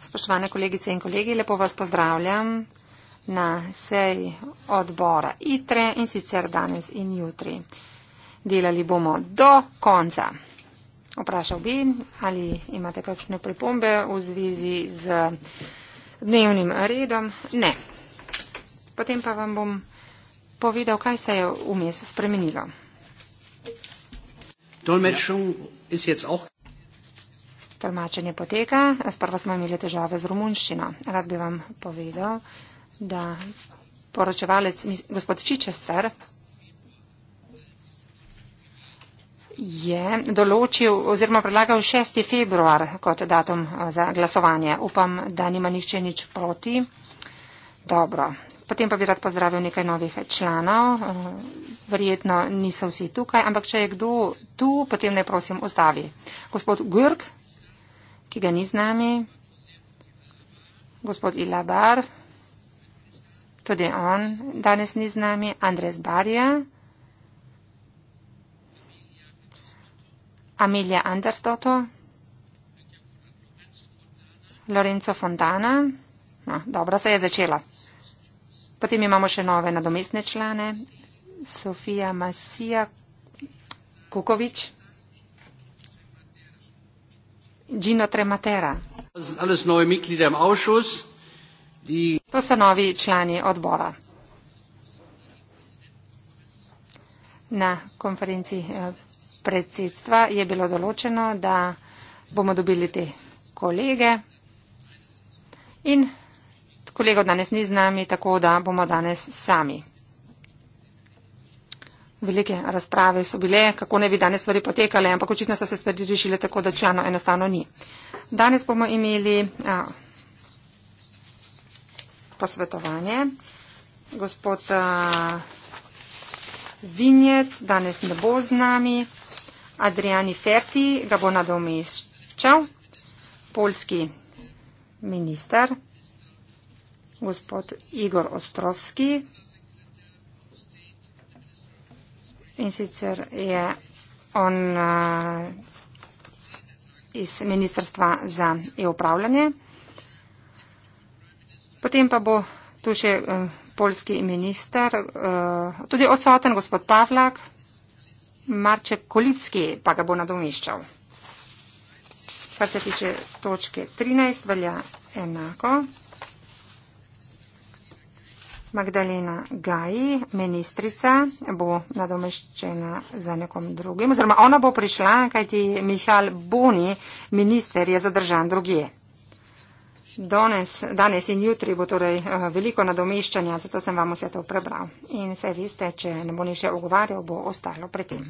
Spoštovane kolegice in kolegi, lepo vas pozdravljam na sej odbora ITRE in sicer danes in jutri. Delali bomo do konca. Vprašal bi, ali imate kakšne pripombe v zvezi z dnevnim redom. Ne. Potem pa vam bom povedal, kaj se je vmes spremenilo. Dolmetšung ja. is jetzt auch tolmačenje poteka. Sprva smo imeli težave z rumunščino. Rad bi vam povedal, da poročevalec gospod Čičester je določil oziroma predlagal 6. februar kot datum eh, za glasovanje. Upam, da nima nihče nič proti. Dobro. Potem pa bi rad pozdravil nekaj novih članov. Eh, verjetno niso vsi tukaj, ampak če je kdo tu, potem ne prosim ustavi. Gospod Gurk, ki ga ni z nami. Gospod Ilabar, tudi on danes ni z nami. Andres Barja, Amilija Andersdoto, Lorenzo Fontana. No, dobro se je začela. Potem imamo še nove nadomestne člane. Sofija Masija Kukovič. Gino Trematera. To so novi člani odbora. Na konferenci eh, predsedstva je bilo določeno, da bomo dobili te kolege. In kolego danes ni z nami, tako da bomo danes sami. Velike razprave so bile, kako ne bi danes stvari potekale, ampak očitno so se stvari rešile tako, da člano enostavno ni. Danes bomo imeli a, posvetovanje. Gospod a, Vinjet danes ne bo z nami. Adriani Ferti ga bo nadomeščal. Polski minister. Gospod Igor Ostrovski In sicer je on uh, iz Ministrstva za e-upravljanje. Potem pa bo tu še uh, eh, polski minister, uh, tudi odsoten gospod Pavlak, Marček Kolivski pa ga bo nadomiščal. Kar se tiče točke 13, velja enako. Magdalena Gaji, ministrica, bo nadomeščena za nekom drugim, oziroma ona bo prišla, kajti Mihal Boni, minister, je zadržan drugje. Danes, danes in jutri bo torej eh, veliko nadomeščanja, zato sem vam vse to prebral. In se viste, če ne bo nišče ogovarjal, bo ostalo pri tem.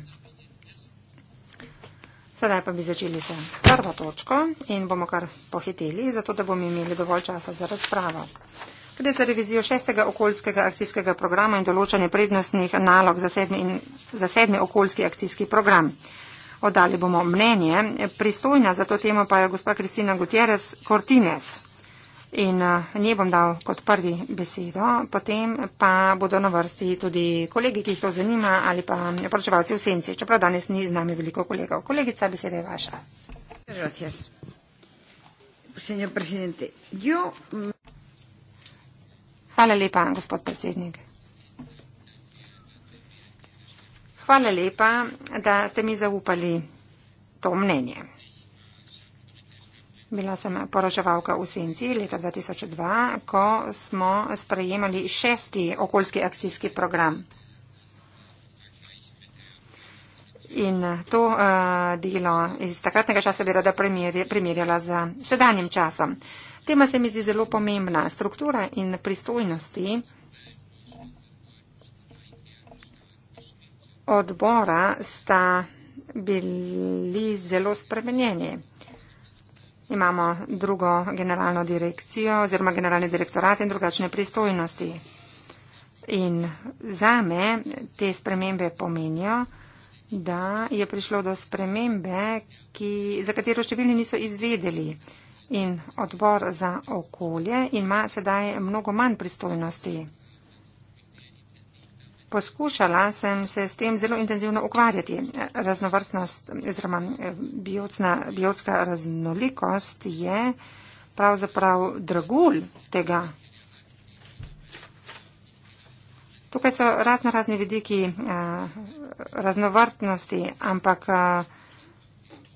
Sedaj pa bi začeli s prvo točko in bomo kar pohiteli, zato da bomo imeli dovolj časa za razpravo gre za revizijo šestega okoljskega akcijskega programa in določanje prednostnih nalog za sedmi, in, za sedmi okoljski akcijski program. Odali bomo mnenje. Pristojna za to temo pa je gospa Kristina Gutierrez Cortines. In eh, nje bom dal kot prvi besedo, potem pa bodo na vrsti tudi kolegi, ki jih to zanima ali pa poročevalci v senci, čeprav danes ni z nami veliko kolegov. Kolegica, beseda je vaša. Gracias. Señor presidente, yo. Mm, Hvala lepa, gospod predsednik. Hvala lepa, da ste mi zaupali to mnenje. Bila sem poraževalka v Senci leta 2002, ko smo sprejemali šesti okoljski akcijski program. In to uh, delo iz takratnega časa bi rada primerjala z sedanjim časom. Uh, Tema se mi zdi zelo pomembna. Struktura in pristojnosti odbora sta bili zelo spremenjeni. Imamo drugo generalno direkcijo oziroma generalni direktorat in drugačne pristojnosti. In za me te spremembe pomenijo, da je prišlo do spremembe, ki, za katero številni niso izvedeli in odbor za okolje ima sedaj mnogo manj pristojnosti. Poskušala sem se s tem zelo intenzivno ukvarjati. Raznovrstnost oziroma eh, biotska, biotska raznolikost je pravzaprav dragul tega. Tukaj so razno razni vidiki a, eh, raznovrtnosti, ampak a, eh,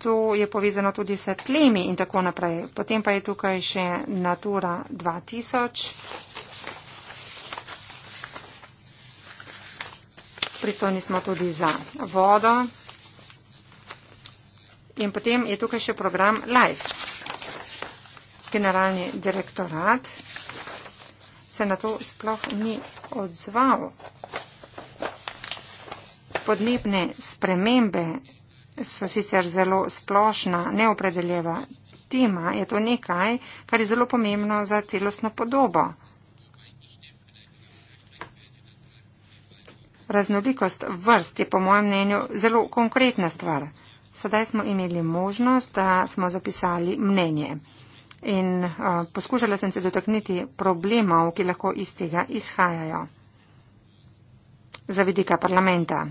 to je povezano tudi s tlemi in tako naprej. Potem pa je tukaj še Natura 2000. Pristojni smo tudi za vodo. In potem je tukaj še program LIFE. Generalni direktorat se na to sploh ni odzval. Podnebne spremembe so sicer zelo splošna, neopredeljeva tema, je to nekaj, kar je zelo pomembno za celostno podobo. Raznolikost vrst je po mojem mnenju zelo konkretna stvar. Sedaj smo imeli možnost, da smo zapisali mnenje. In uh, poskušala sem se dotakniti problemov, ki lahko iz tega izhajajo. Za vidika parlamenta.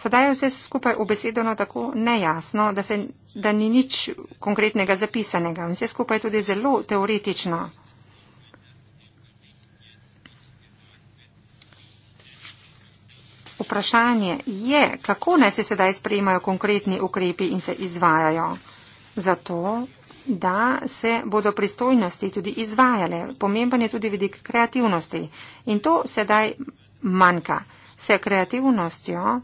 Sedaj je vse skupaj obesedeno tako nejasno, da, se, da ni nič konkretnega zapisanega. Vse skupaj je tudi zelo teoretično. Vprašanje je, kako naj se sedaj sprejmajo konkretni ukrepi in se izvajajo. Zato, da se bodo pristojnosti tudi izvajale. Pomemben je tudi vidik kreativnosti. In to sedaj manjka. Se kreativnostjo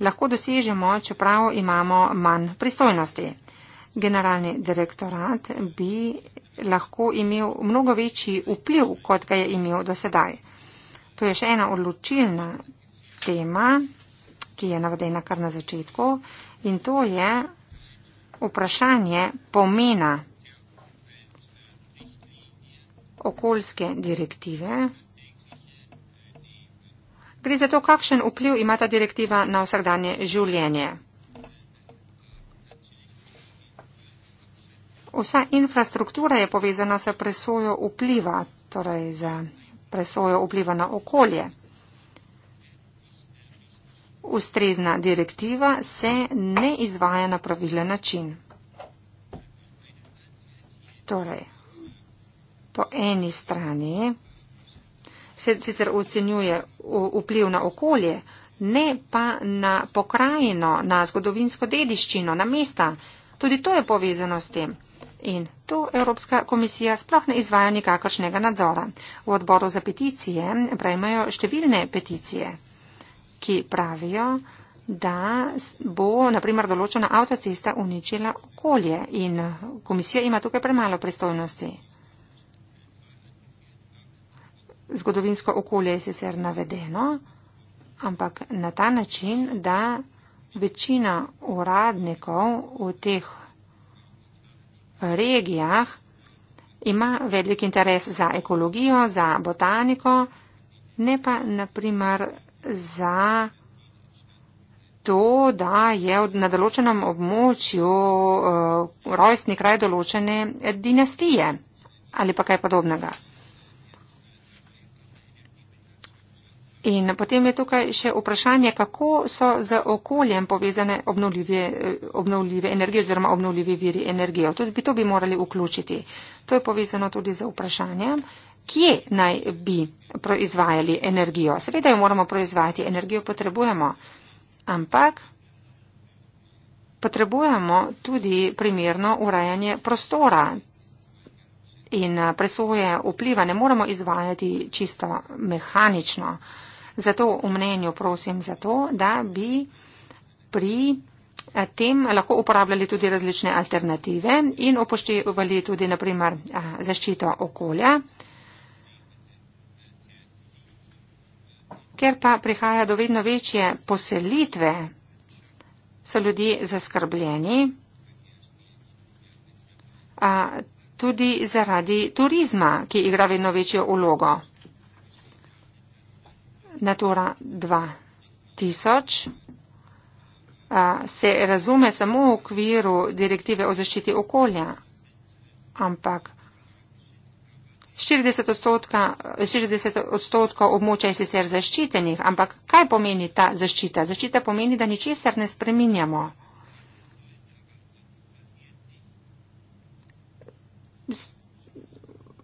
lahko dosežemo, čeprav imamo manj pristojnosti. Generalni direktorat bi lahko imel mnogo večji vpliv, kot ga je imel do sedaj. To je še ena odločilna tema, ki je navedena kar na začetku in to je vprašanje pomena okoljske direktive Gre za to, kakšen vpliv ima ta direktiva na vsakdanje življenje. Vsa infrastruktura je povezana s presojo vpliva, torej z presojo vpliva na okolje. Ustrezna direktiva se ne izvaja na pravilen način. Torej, po eni strani se sicer ocenjuje vpliv na okolje, ne pa na pokrajino, na zgodovinsko dediščino, na mesta. Tudi to je povezano s tem. In to Evropska komisija sploh ne izvaja nikakršnega nadzora. V odboru za peticije prejmajo številne peticije, ki pravijo, da bo, naprimer, določena avtocesta uničila okolje in komisija ima tukaj premalo pristojnosti zgodovinsko okolje je sicer navedeno, ampak na ta način, da večina uradnikov v teh regijah ima velik interes za ekologijo, za botaniko, ne pa naprimer za to, da je na določenem območju uh, rojstni kraj določene dinastije ali pa kaj podobnega. In potem je tukaj še vprašanje, kako so z okoljem povezane obnovljive, eh, obnovljive energije oziroma obnovljivi viri energije. Tudi bi to bi morali vključiti. To je povezano tudi z vprašanjem, kje naj bi proizvajali energijo. Seveda jo moramo proizvajati, energijo potrebujemo, ampak potrebujemo tudi primerno urajanje prostora. In presoje vpliva ne moremo izvajati čisto mehanično. Uh, Zato v mnenju prosim za to, da bi pri eh, tem lahko uporabljali tudi različne alternative in upoštevali tudi naprimer eh, zaščito okolja. Ker pa prihaja do vedno večje poselitve, so ljudje zaskrbljeni eh, tudi zaradi turizma, ki igra vedno večjo ulogo. Natura 2000 se razume samo v okviru direktive o zaščiti okolja, ampak 40 odstotkov, 40 odstotkov območja je sicer zaščitenih, ampak kaj pomeni ta zaščita? Zaščita pomeni, da ničesar ne spreminjamo. S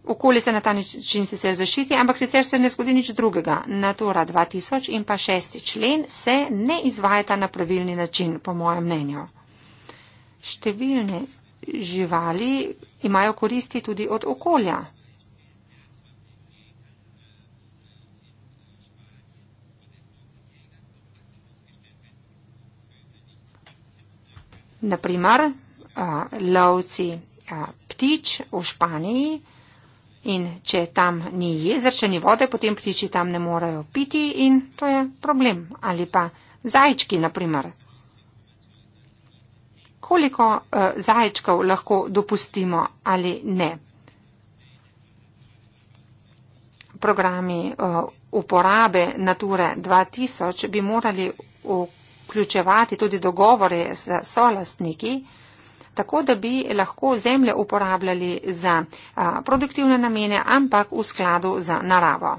Okolice na ta način sicer zašiti, ampak sicer se ne zgodi nič drugega. Natura 2000 in pa šesti člen se ne izvajata na pravilni način, po mojem mnenju. Številne živali imajo koristi tudi od okolja. Naprimer, lovci ptič v Španiji. In če tam ni jezer, če ni vode, potem ptiči tam ne morejo piti in to je problem. Ali pa zajčki, naprimer. Koliko uh, zajčkov lahko dopustimo ali ne? Programi uh, uporabe Nature 2000 bi morali vključevati tudi dogovore z solastniki. Uh, tako da bi lahko zemlje uporabljali za produktivne namene, ampak v skladu z naravo.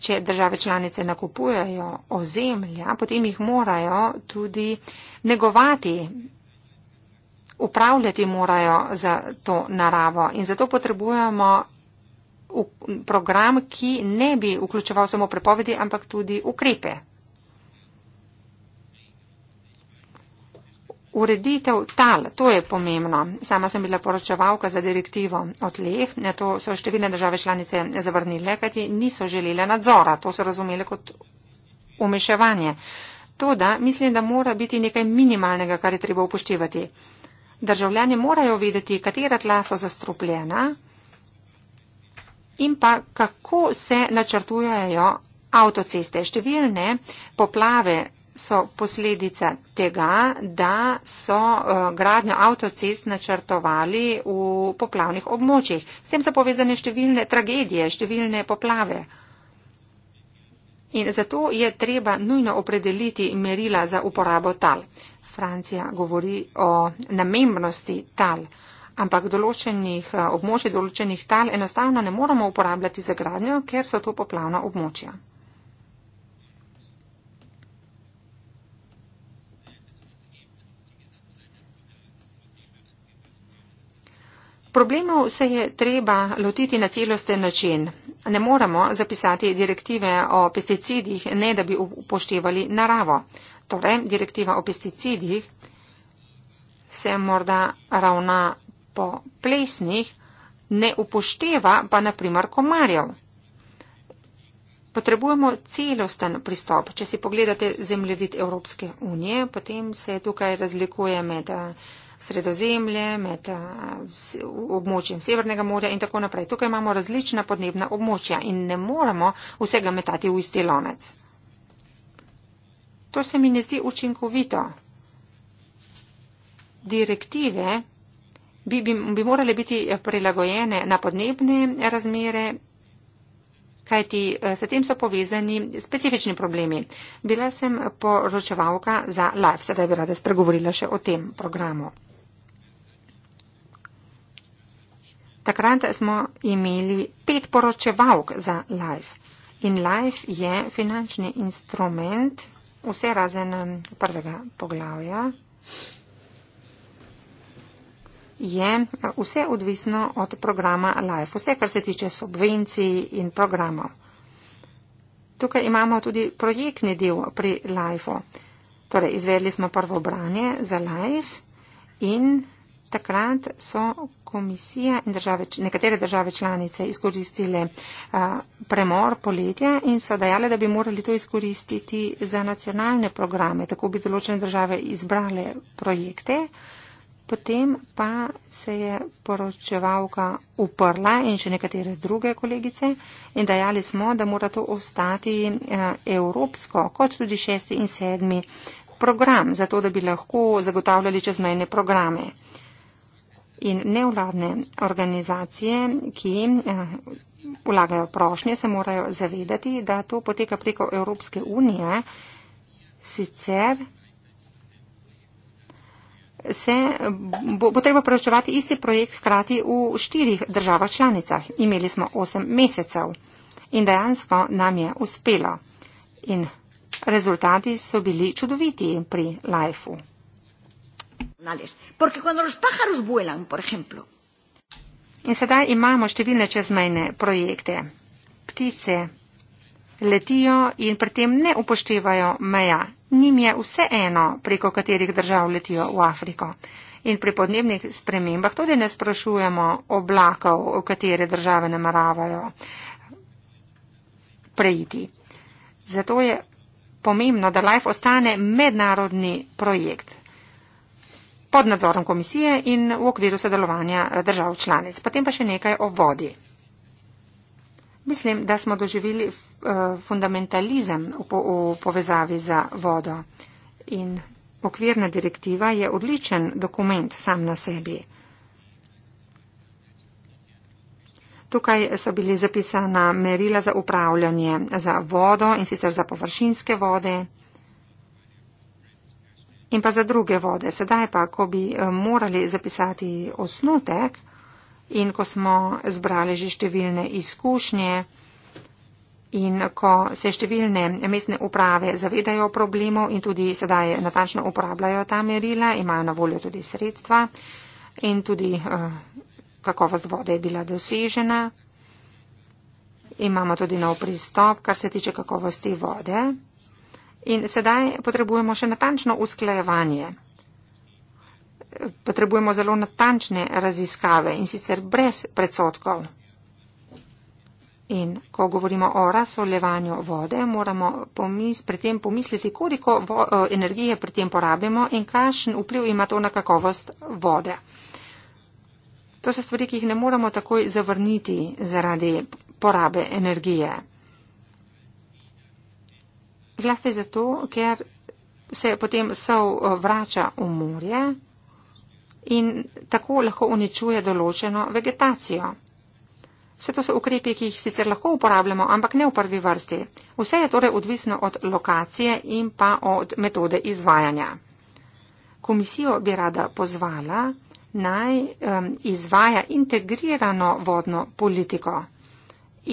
Če države članice nakupujajo ozemlja, potem jih morajo tudi negovati, upravljati morajo za to naravo in zato potrebujemo program, ki ne bi vključeval samo prepovedi, ampak tudi ukrepe. ureditev tal, to je pomembno. Sama sem bila poročevalka za direktivo o tleh, na to so številne države članice zavrnile, kajti niso želele nadzora, to so razumeli kot umeševanje. Toda mislim, da mora biti nekaj minimalnega, kar je treba upoštevati. Državljani morajo vedeti, katera tla so zastrupljena in pa kako se načrtujejo avtoceste. Številne poplave so posledice tega, da so eh, gradnjo avtocest načrtovali v poplavnih območjih. S tem so povezane številne tragedije, številne poplave. In zato je treba nujno opredeliti merila za uporabo tal. Francija govori o namembnosti tal, ampak določenih eh, območij, določenih tal enostavno ne moramo uporabljati za gradnjo, ker so to poplavna območja. Problemov se je treba lotiti na celosten način. Ne moremo zapisati direktive o pesticidih, ne da bi upoštevali naravo. Torej, direktiva o pesticidih se morda ravna po plesnih, ne upošteva pa naprimer komarjev. Potrebujemo celosten pristop. Če si pogledate zemljevid Evropske unije, potem se tukaj razlikuje med. Uh, sredozemlje, med eh, območjem Severnega morja in tako naprej. Tukaj imamo različna podnebna območja in ne moramo vsega metati v isti lonec. To se mi ne zdi učinkovito. Direktive bi, bi, bi morale biti prilagojene na podnebne razmere kajti eh, s tem so povezani specifični problemi. Bila sem poročevalka za Life, sedaj bi rada spregovorila še o tem programu. Takrat smo imeli pet poročevalk za Life. In Life je finančni instrument vse razen eh, prvega poglavja je vse odvisno od programa LIFE, vse, kar se tiče subvencij in programov. Tukaj imamo tudi projektni del pri LIFE-u. Torej, izvedli smo prvo branje za LIFE in takrat so komisija in države, nekatere države članice izkoristile a, premor poletja in so dajale, da bi morali to izkoristiti za nacionalne programe. Tako bi določene države izbrale projekte. Potem pa se je poročevalka uprla in še nekatere druge kolegice in dajali smo, da mora to ostati eh, evropsko, kot tudi šesti in sedmi program, zato da bi lahko zagotavljali čezmejne programe. In nevladne organizacije, ki eh, vlagajo prošnje, se morajo zavedati, da to poteka preko Evropske unije, sicer se bo, bo treba proračunati isti projekt hkrati v štirih državah članicah. Imeli smo osem mesecev in dejansko nam je uspelo. In rezultati so bili čudoviti pri LIFE-u. In sedaj imamo številne čezmejne projekte. Ptice, letijo in pri tem ne upoštevajo meja. Nim je vse eno, preko katerih držav letijo v Afriko. In pri podnebnih spremembah tudi ne sprašujemo oblakov, v katere države nameravajo preiti. Zato je pomembno, da LIFE ostane mednarodni projekt pod nadzorom komisije in v okviru sodelovanja držav članic. Potem pa še nekaj o vodi. Mislim, da smo doživeli eh, fundamentalizem v povezavi za vodo. In okvirna direktiva je odličen dokument sam na sebi. Tukaj so bili zapisana merila za upravljanje za vodo in sicer za površinske vode in pa za druge vode. Sedaj pa, ko bi eh, morali zapisati osnutek, in ko smo zbrali že številne izkušnje in ko se številne mestne uprave zavedajo problemov in tudi sedaj natančno uporabljajo ta merila, imajo na voljo tudi sredstva in tudi eh, kakovost vode je bila dosežena. Imamo tudi nov pristop, kar se tiče kakovosti vode. In sedaj potrebujemo še natančno usklajevanje potrebujemo zelo natančne raziskave in sicer brez predsotkov. In ko govorimo o razsolevanju vode, moramo pomis, pri tem pomisliti, koliko vo, eh, energije pri tem porabimo in kakšen vpliv ima to na kakovost vode. To so stvari, ki jih ne moramo takoj zavrniti zaradi porabe energije. Zlasti zato, ker se potem sol eh, vrača v morje in tako lahko uničuje določeno vegetacijo. Vse to so ukrepi, ki jih sicer lahko uporabljamo, ampak ne v prvi vrsti. Vse je torej odvisno od lokacije in pa od metode izvajanja. Komisijo bi rada pozvala naj um, izvaja integrirano vodno politiko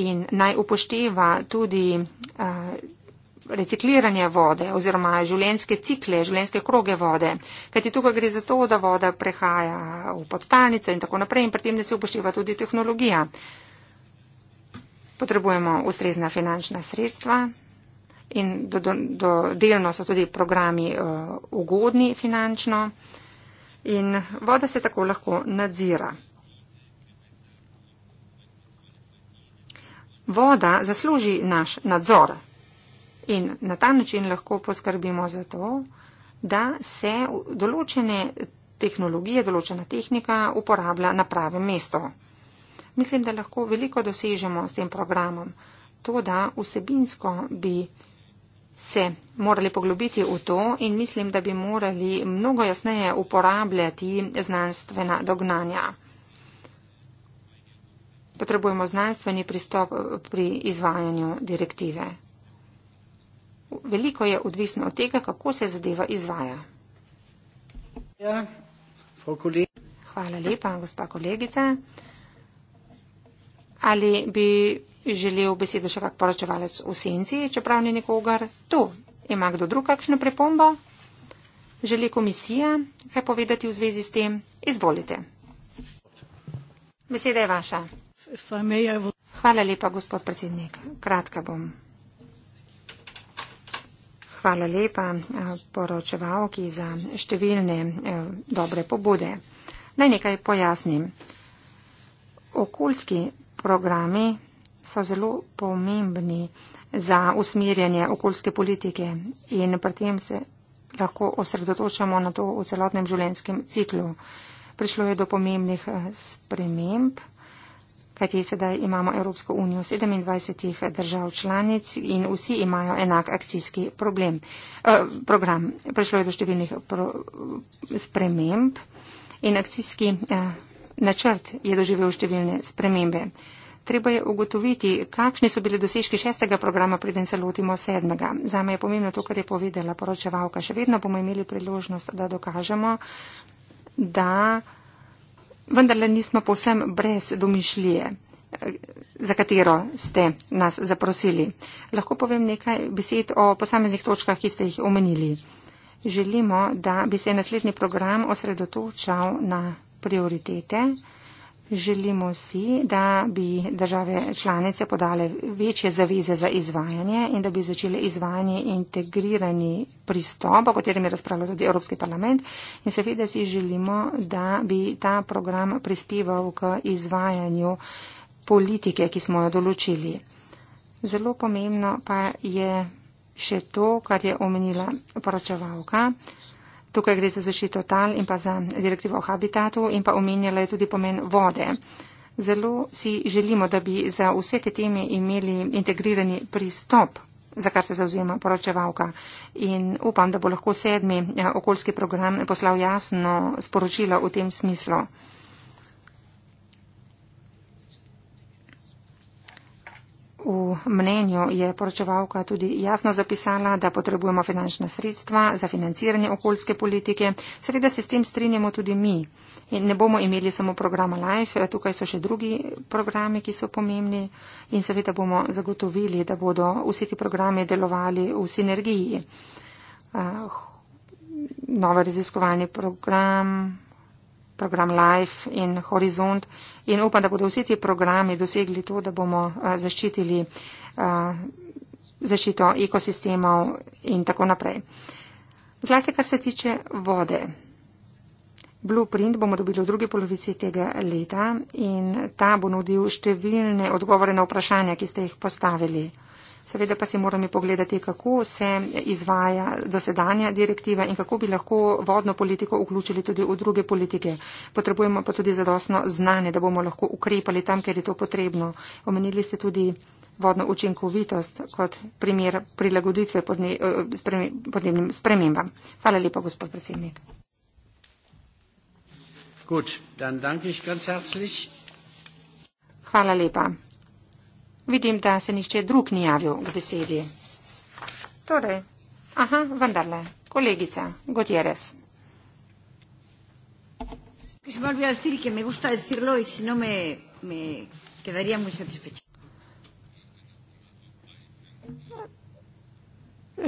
in naj upošteva tudi uh, recikliranje vode oziroma življenske cikle, življenske kroge vode. Kajti tukaj gre za to, da voda prehaja v podtalnico in tako naprej in pri tem ne se upošteva tudi tehnologija. Potrebujemo ustrezna finančna sredstva in do, do, do delno so tudi programi uh, ugodni finančno in voda se tako lahko nadzira. Voda zasluži naš nadzor. In na ta način lahko poskrbimo za to, da se določene tehnologije, določena tehnika uporablja na pravem mestu. Mislim, da lahko veliko dosežemo s tem programom. To, da vsebinsko bi se morali poglobiti v to in mislim, da bi morali mnogo jasneje uporabljati znanstvena dognanja. Potrebujemo znanstveni pristop pri izvajanju direktive. Veliko je odvisno od tega, kako se zadeva izvaja. Ja, Hvala lepa, gospa kolegica. Ali bi želel besedo še kak poročevalec v senci, čeprav ni nikogar tu? Ima kdo drug kakšno pripombo? Želi komisija kaj povedati v zvezi s tem? Izvolite. Beseda je vaša. Hvala lepa, gospod predsednik. Kratka bom. Hvala lepa eh, poročevalki za številne eh, dobre pobude. Naj nekaj pojasnim. Okoljski programi so zelo pomembni za usmirjanje okoljske politike in pri tem se lahko osredotočamo na to v celotnem življenjskem ciklu. Prišlo je do pomembnih eh, sprememb kajti sedaj imamo Evropsko unijo 27 držav članic in vsi imajo enak akcijski problem, eh, program. Prišlo je do številnih pro, sprememb in akcijski eh, načrt je doživel številne spremembe. Treba je ugotoviti, kakšni so bili dosežki šestega programa, preden se lotimo sedmega. Zame je pomembno to, kar je povedala poročevalka. Še vedno bomo imeli priložnost, da dokažemo, da vendarle nismo povsem brez domišljije, eh, za katero ste nas zaprosili. Lahko povem nekaj besed o posameznih točkah, ki ste jih omenili. Želimo, da bi se naslednji program osredotočal na prioritete. Želimo si, da bi države članice podale večje zaveze za izvajanje in da bi začele izvajanje integrirani pristop, o katerem je razpravljal tudi Evropski parlament. In seveda si želimo, da bi ta program prispeval k izvajanju politike, ki smo jo določili. Zelo pomembno pa je še to, kar je omenila poročevalka, Tukaj gre za zaščito tal in pa za direktivo o habitatu in pa omenjala je tudi pomen vode. Zelo si želimo, da bi za vse te teme imeli integrirani pristop za kar se zauzema poročevalka. In upam, da bo lahko sedmi eh, okoljski program poslal jasno sporočilo v tem smislu. V mnenju je poročevalka tudi jasno zapisala, da potrebujemo finančna sredstva za financiranje okoljske politike. Seveda se s tem strinjamo tudi mi. In ne bomo imeli samo programa LIFE, tukaj so še drugi programi, ki so pomembni in seveda bomo zagotovili, da bodo vsi ti programi delovali v sinergiji. Uh, Nova raziskovalni program program Life in Horizont in upam, da bodo vsi ti programi dosegli to, da bomo eh, zaščitili eh, zaščito ekosistemov in tako naprej. Zlasti, kar se tiče vode. Blueprint bomo dobili v drugi polovici tega leta in ta bo nudil številne odgovore na vprašanja, ki ste jih postavili. Seveda pa si moramo pogledati, kako se izvaja dosedanja direktiva in kako bi lahko vodno politiko vključili tudi v druge politike. Potrebujemo pa tudi zadostno znanje, da bomo lahko ukrepali tam, ker je to potrebno. Omenili ste tudi vodno učinkovitost kot primer prilagoditve eh, podnebnim spremembam. Hvala lepa, gospod predsednik. Gut, dann danke ich ganz herzlich. Hvala lepa. Vidim, da se nihče drug ni javil k besedi. Torej, aha, vendarle, kolegica Gutierrez. No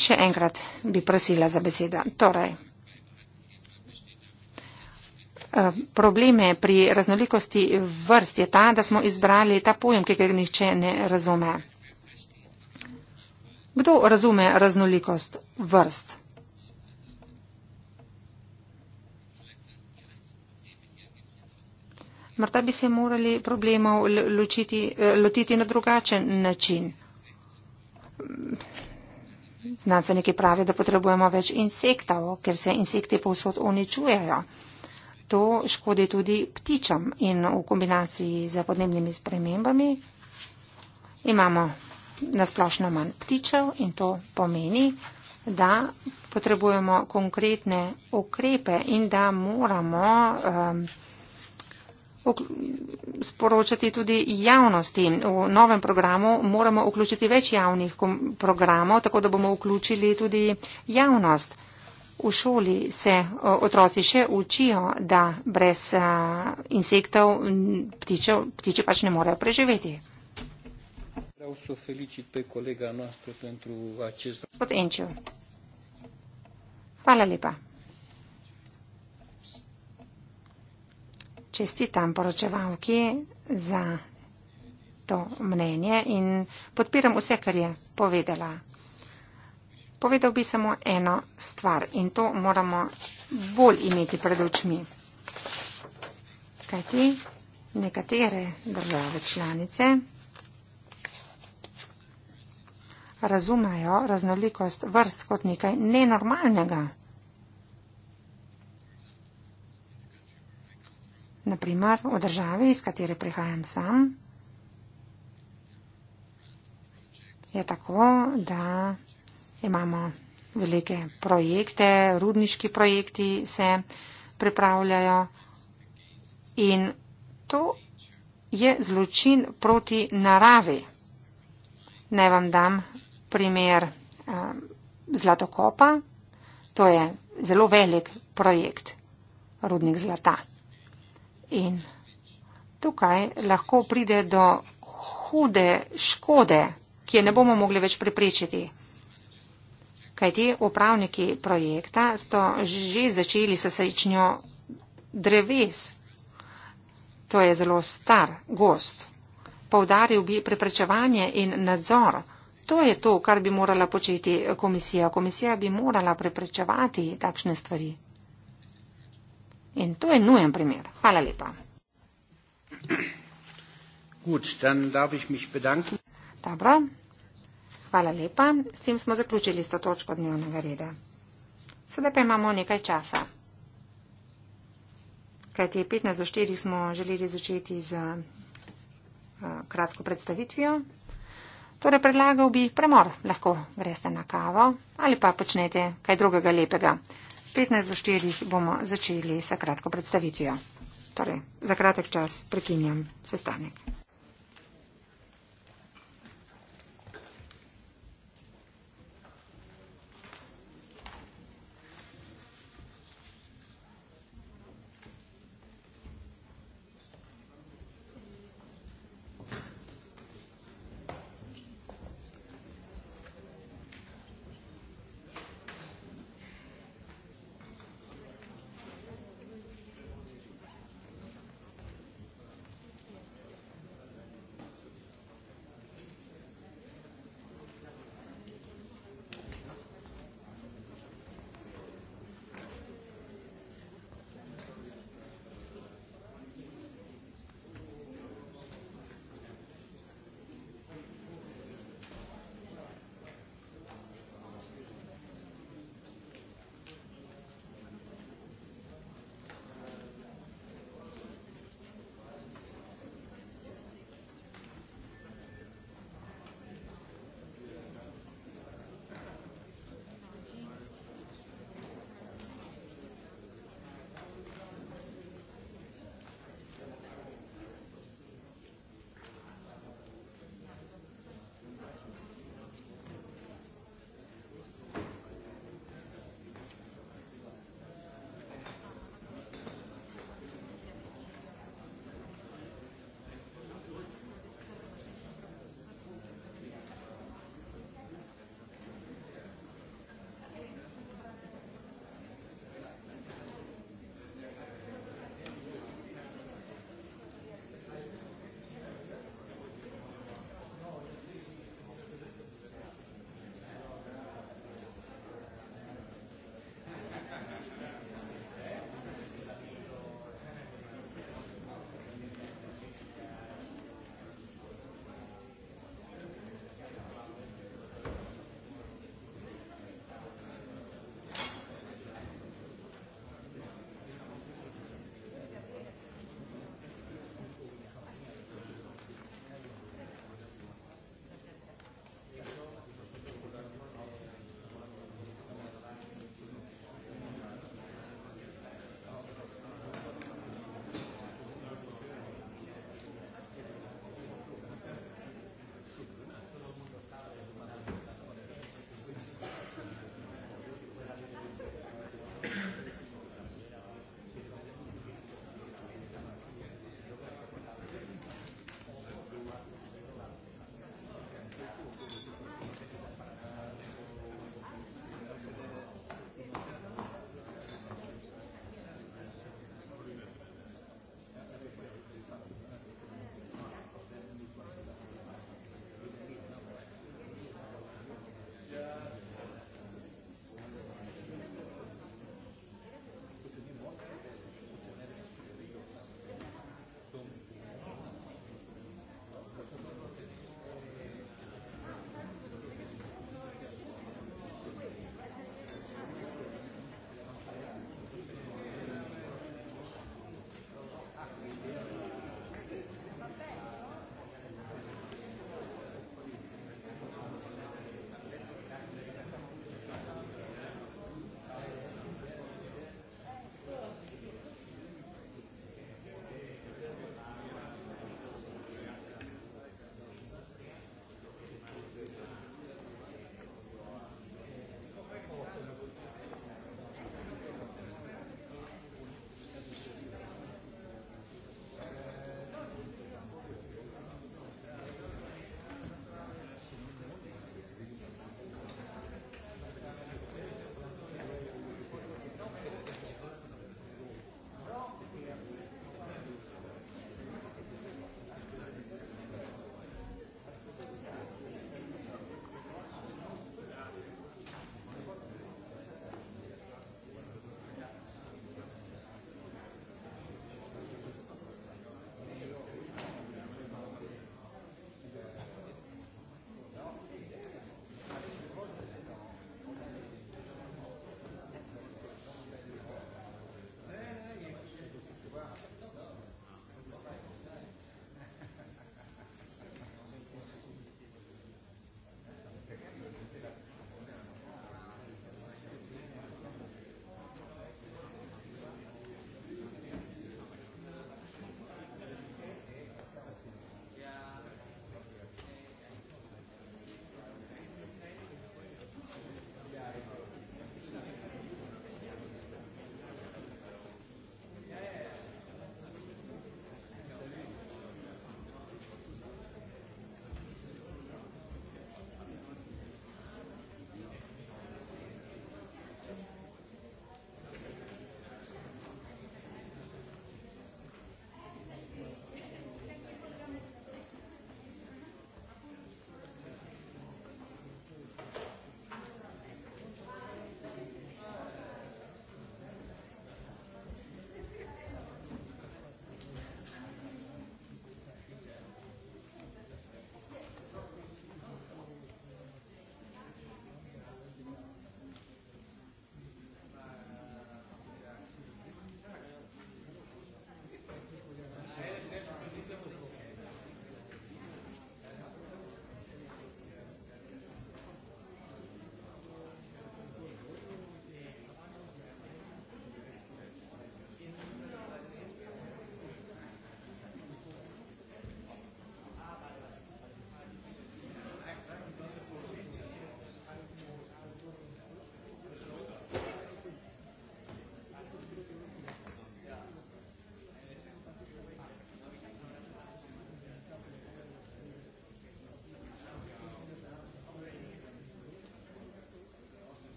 Še enkrat bi prosila za besedo. Torej, Eh, probleme pri raznolikosti vrst je ta, da smo izbrali ta pojem, ki ga nihče ne razume. Kdo razume raznolikost vrst? Morda bi se morali problemov ločiti, eh, lotiti na drugačen način. Znanstveniki pravijo, da potrebujemo več insektov, ker se insekti povsod uničujejo. To škodi tudi ptičam in v kombinaciji z podnebnimi spremembami imamo nasplošno manj ptičev in to pomeni, da potrebujemo konkretne ukrepe in da moramo um, sporočati tudi javnosti. V novem programu moramo vključiti več javnih programov, tako da bomo vključili tudi javnost. V šoli se otroci še učijo, da brez insektov ptiče pač ne morejo preživeti. Gospod Enčev, hvala lepa. Čestitam poročevalki za to mnenje in podpiram vse, kar je povedala. Povedal bi samo eno stvar in to moramo bolj imeti pred očmi. Kajti nekatere države članice razumajo raznolikost vrst kot nekaj nenormalnega. Naprimer, v državi, iz katere prihajam sam, je tako, da imamo velike projekte, rudniški projekti se pripravljajo in to je zločin proti naravi. Naj vam dam primer eh, Zlatokopa, to je zelo velik projekt, rudnik zlata. In tukaj lahko pride do hude škode, ki je ne bomo mogli več preprečiti kajti upravniki projekta so že začeli s srečnjo dreves. To je zelo star gost. Povdaril bi preprečevanje in nadzor. To je to, kar bi morala početi komisija. Komisija bi morala preprečevati takšne stvari. In to je nujen primer. Hvala lepa. Gut, dann darf ich mich bedanken. Dobro. Hvala lepa. S tem smo zaključili s to točko dnevnega reda. Sedaj pa imamo nekaj časa. Kaj te 15 do 4 smo želeli začeti z eh, kratko predstavitvijo. Torej predlagal bi premor, lahko greste na kavo ali pa počnete kaj drugega lepega. 15 do 4 bomo začeli s kratko predstavitvijo. Torej, za kratek čas prekinjam sestanek.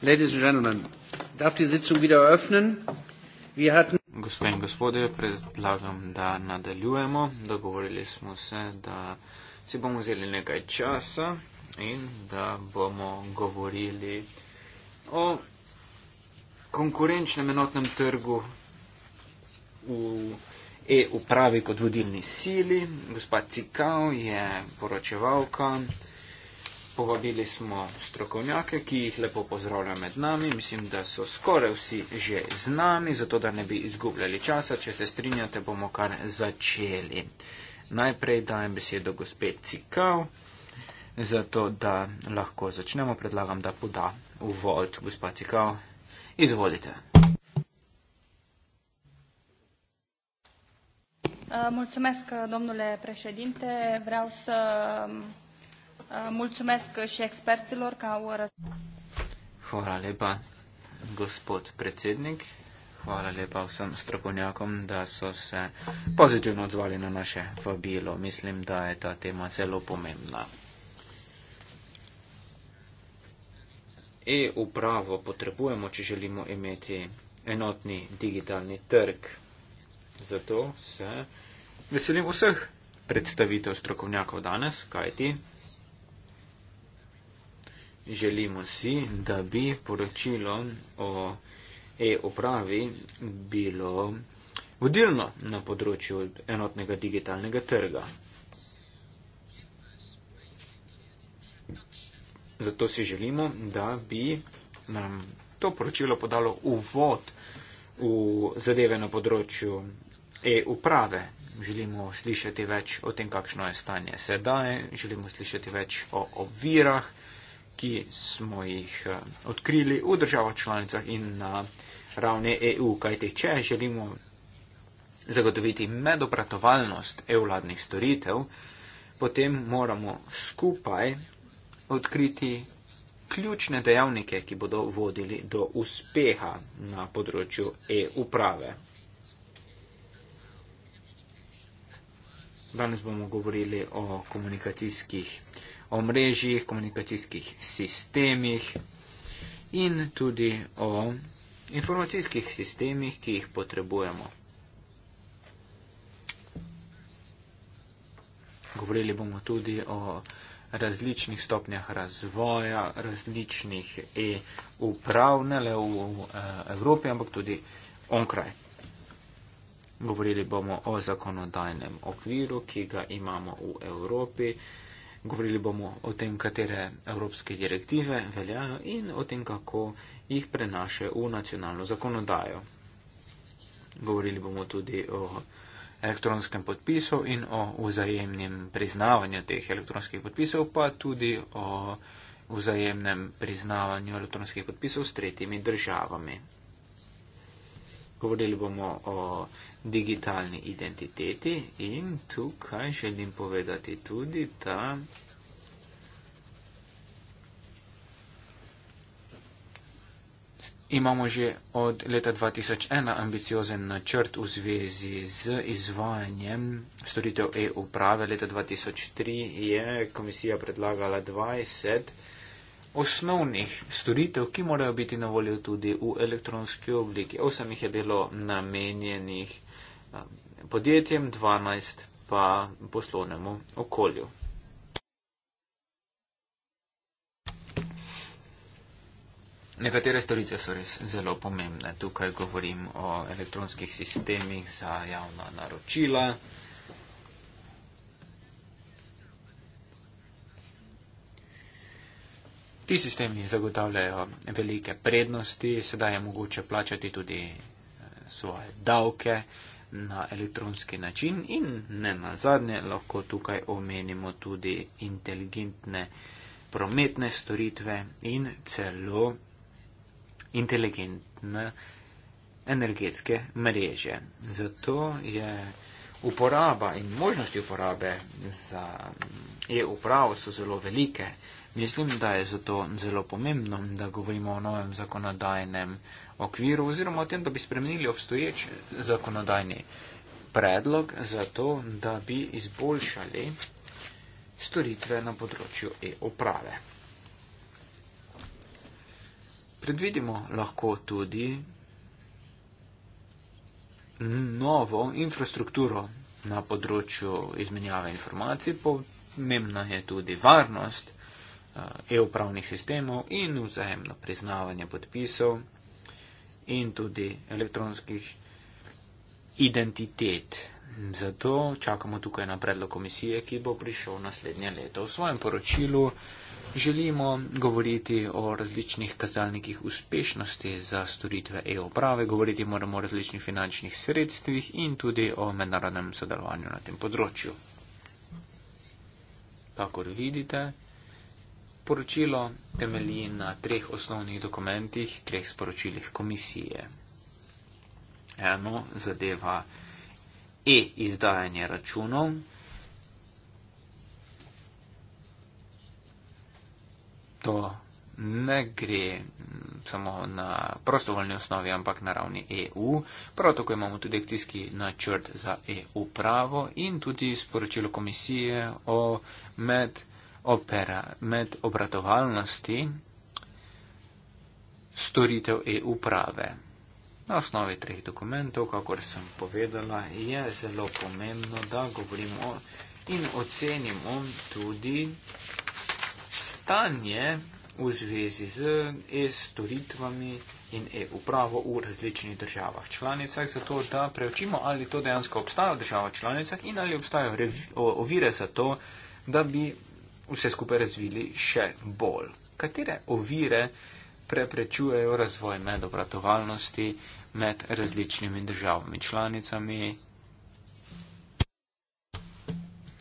Ladies and gentlemen, darf die Sitzung wieder eröffnen? Wir hatten Gospe in gospodje, predlagam, da nadaljujemo. Dogovorili smo se, da si bomo vzeli nekaj časa in da bomo govorili o konkurenčnem enotnem trgu v e-upravi kot vodilni sili. Gospa Cikao je poročevalka povabili smo strokovnjake, ki jih lepo pozdravljam med nami. Mislim, da so skoraj vsi že z nami, zato da ne bi izgubljali časa. Če se strinjate, bomo kar začeli. Najprej dajem besedo gospe Cikav, zato da lahko začnemo. Predlagam, da poda uvod. Gospa Cikav, izvolite. Uh, mulțumesc, domnule președinte. Vreau să um, Uh, mulțumesc și experților că au Hvala lepa, gospod predsednik. Hvala lepa vsem strokovnjakom, da so se pozitivno odzvali na naše vabilo. Mislim, da je ta tema zelo pomembna. E-upravo potrebujemo, če želimo imeti enotni digitalni trg. Zato se veselim vseh predstavitev strokovnjakov danes, kajti Želimo si, da bi poročilo o e-upravi bilo vodilno na področju enotnega digitalnega trga. Zato si želimo, da bi nam to poročilo podalo uvod v zadeve na področju e-uprave. Želimo slišati več o tem, kakšno je stanje sedaj, želimo slišati več o ovirah ki smo jih eh, odkrili v državah članicah in na ravni EU. Kajte, če želimo zagotoviti medopratovalnost e-vladnih storitev, potem moramo skupaj odkriti ključne dejavnike, ki bodo vodili do uspeha na področju e-uprave. Danes bomo govorili o komunikacijskih omrežjih, komunikacijskih sistemih in tudi o informacijskih sistemih, ki jih potrebujemo. Govorili bomo tudi o različnih stopnjah razvoja, različnih e-uprav, ne le v eh, Evropi, ampak tudi onkraj. Govorili bomo o zakonodajnem okviru, ki ga imamo v Evropi. Govorili bomo o tem, katere evropske direktive veljajo in o tem, kako jih prenaše v nacionalno zakonodajo. Govorili bomo tudi o elektronskem podpisu in o vzajemnem priznavanju teh elektronskih podpisov, pa tudi o vzajemnem priznavanju elektronskih podpisov s tretjimi državami. Govorili bomo o digitalni identiteti in tukaj želim povedati tudi, da imamo že od leta 2001 ambiciozen načrt v zvezi z izvajanjem storitev e-uprave. Leta 2003 je komisija predlagala 20 osnovnih storitev, ki morajo biti na voljo tudi v elektronski obliki. Osem jih je bilo namenjenih um, podjetjem, dvanajst pa poslovnemu okolju. Nekatere storice so res zelo pomembne. Tukaj govorim o elektronskih sistemih za javna naročila. Ti sistemi zagotavljajo velike prednosti, sedaj je mogoče plačati tudi eh, svoje davke na elektronski način in ne na zadnje lahko tukaj omenimo tudi inteligentne prometne storitve in celo inteligentne energetske mreže. Zato je uporaba in možnosti uporabe za mm, e-upravo so zelo velike. Mislim, da je zato zelo pomembno, da govorimo o novem zakonodajnem okviru oziroma o tem, da bi spremenili obstoječ zakonodajni predlog za to, da bi izboljšali storitve na področju e-oprave. Predvidimo lahko tudi novo infrastrukturo na področju izmenjave informacij. Pomembna je tudi varnost Eh, EU-pravnih sistemov in vzajemno priznavanje podpisov in tudi elektronskih identitet. Zato čakamo tukaj na predlog komisije, ki bo prišel naslednje leto. V svojem poročilu želimo govoriti o različnih kazalnikih uspešnosti za storitve EU-prave, govoriti moramo o različnih finančnih sredstvih in tudi o mednarodnem sodelovanju na tem področju. Kakor vidite, poročilo temelji na treh osnovnih dokumentih, treh sporočilih komisije. Eno zadeva e-izdajanje računov, to ne gre samo na prostovoljni osnovi, ampak na ravni EU. Prav tako imamo tudi aktivski načrt za EU pravo in tudi sporočilo komisije o medvedu opera med obratovalnosti storitev e-uprave. Na osnovi treh dokumentov, kakor sem povedala, je zelo pomembno, da govorimo in ocenimo tudi stanje v zvezi z e-storitvami in e-upravo v različnih državah članicah, zato da preučimo, ali to dejansko obstaja v državah članicah in ali obstajajo ovire za to, da bi vse skupaj razvili še bolj. Katere ovire preprečujejo razvoj medobratovalnosti med različnimi državami članicami?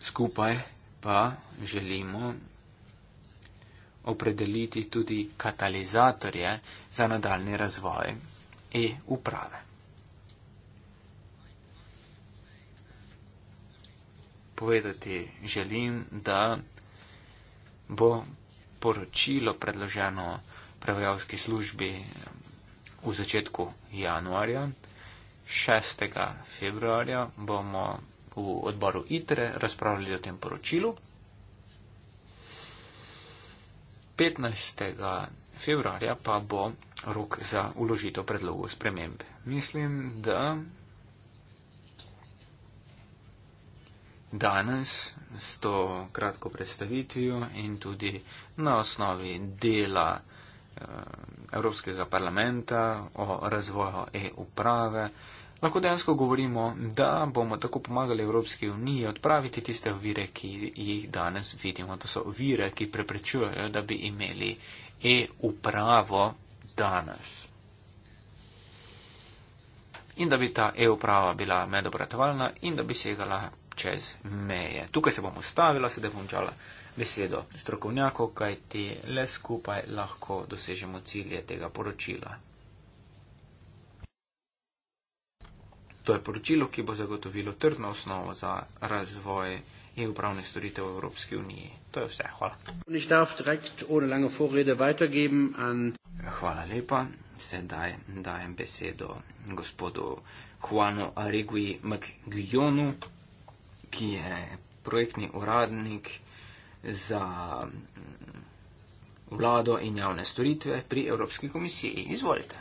Skupaj pa želimo opredeliti tudi katalizatorje za nadaljni razvoj e-uprave. Povedati želim, da bo poročilo predloženo prevajalski službi v začetku januarja. 6. februarja bomo v odboru ITRE razpravljali o tem poročilu. 15. februarja pa bo rok za uložitev predlogov spremembe. Mislim, da danes s to kratko predstavitvijo in tudi na osnovi dela eh, Evropskega parlamenta o razvoju e-uprave. Lahko dejansko govorimo, da bomo tako pomagali Evropski uniji odpraviti tiste ovire, ki jih danes vidimo. To so ovire, ki preprečujejo, da bi imeli e-upravo danes. In da bi ta e-uprava bila medobratovalna in da bi segala čez meje. Tukaj se bom ustavila, sedaj bom čala besedo strokovnjakov, kajti le skupaj lahko dosežemo cilje tega poročila. To je poročilo, ki bo zagotovilo trdno osnovo za razvoj in upravne storitev v Evropski uniji. To je vse. Hvala. Hvala lepa. Sedaj dajem besedo gospodu Juanu Arigui Magionu ki je projektni uradnik za mm, vlado in javne storitve pri Evropski komisiji. Izvolite.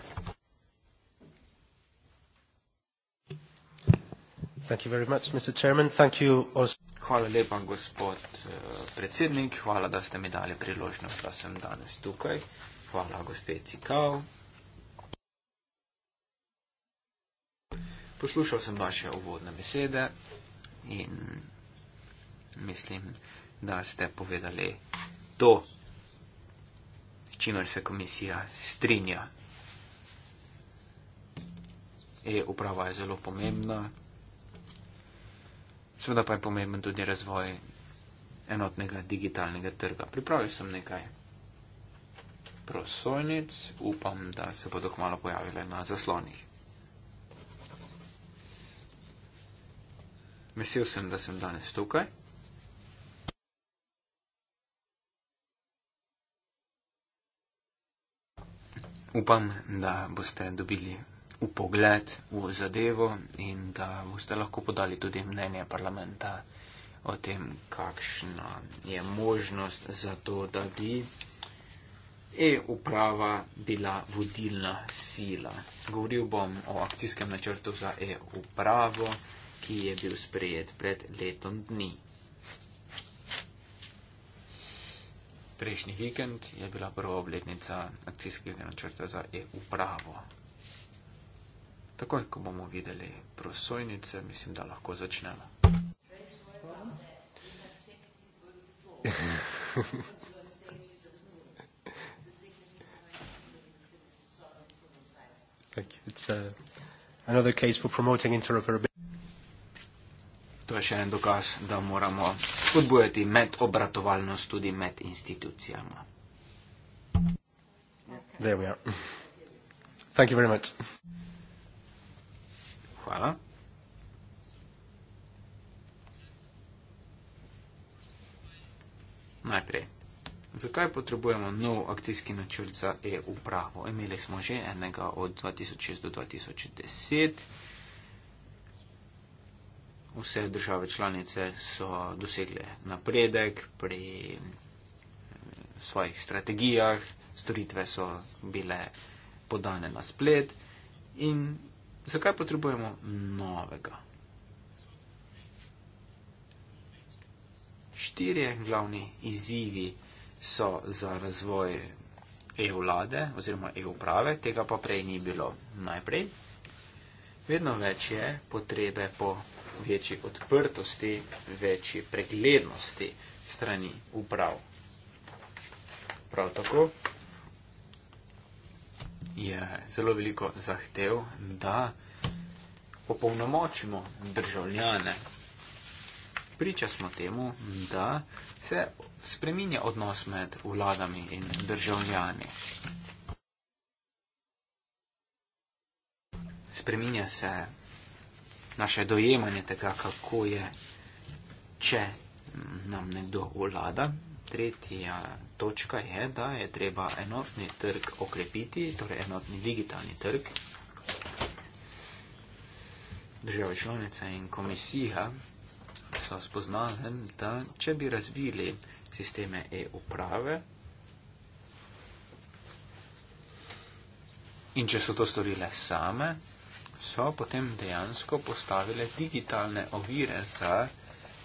Much, hvala lepa, gospod eh, predsednik. Hvala, da ste mi dali priložnost, da sem danes tukaj. Hvala, gospod Cikal. Poslušal sem vaše uvodne besede in mislim, da ste povedali to, s čimer se komisija strinja. E-uprava je zelo pomembna, seveda pa je pomemben tudi razvoj enotnega digitalnega trga. Pripravil sem nekaj prosojnic, upam, da se bodo kmalo pojavile na zaslonih. Vesel sem, da sem danes tukaj. Upam, da boste dobili upogled v zadevo in da boste lahko podali tudi mnenje parlamenta o tem, kakšna je možnost za to, da bi e-uprava bila vodilna sila. Govoril bom o akcijskem načrtu za e-upravo ki je bil sprejet pred letom dni. Prejšnji vikend je bila prva obletnica akcijskega načrta za e-upravo. Takoj, ko bomo videli prosojnice, mislim, da lahko začnemo. Thank you. It's uh, another case for promoting interoperability. To je še en dokaz, da moramo spodbujati med obratovalnost tudi med institucijama. Hvala. Najprej, zakaj potrebujemo nov akcijski načrt za EU pravo? Imeli smo že enega od 2006 do 2010 vse države članice so dosegle napredek pri svojih strategijah, storitve so bile podane na splet in zakaj potrebujemo novega? Štirje glavni izzivi so za razvoj EU vlade oziroma EU prave, tega pa prej ni bilo najprej. Vedno več je potrebe po večji odprtosti, večji preglednosti strani uprav. Prav tako je zelo veliko zahtev, da popolnomočimo državljane. Priča smo temu, da se spreminja odnos med vladami in državljani. Spreminja se naše dojemanje tega, kako je, če nam nekdo vlada. Tretja točka je, da je treba enotni trg okrepiti, torej enotni digitalni trg. Države članice in komisija so spoznali, da če bi razvili sisteme e-uprave in če so to storile same, so potem dejansko postavile digitalne ovire za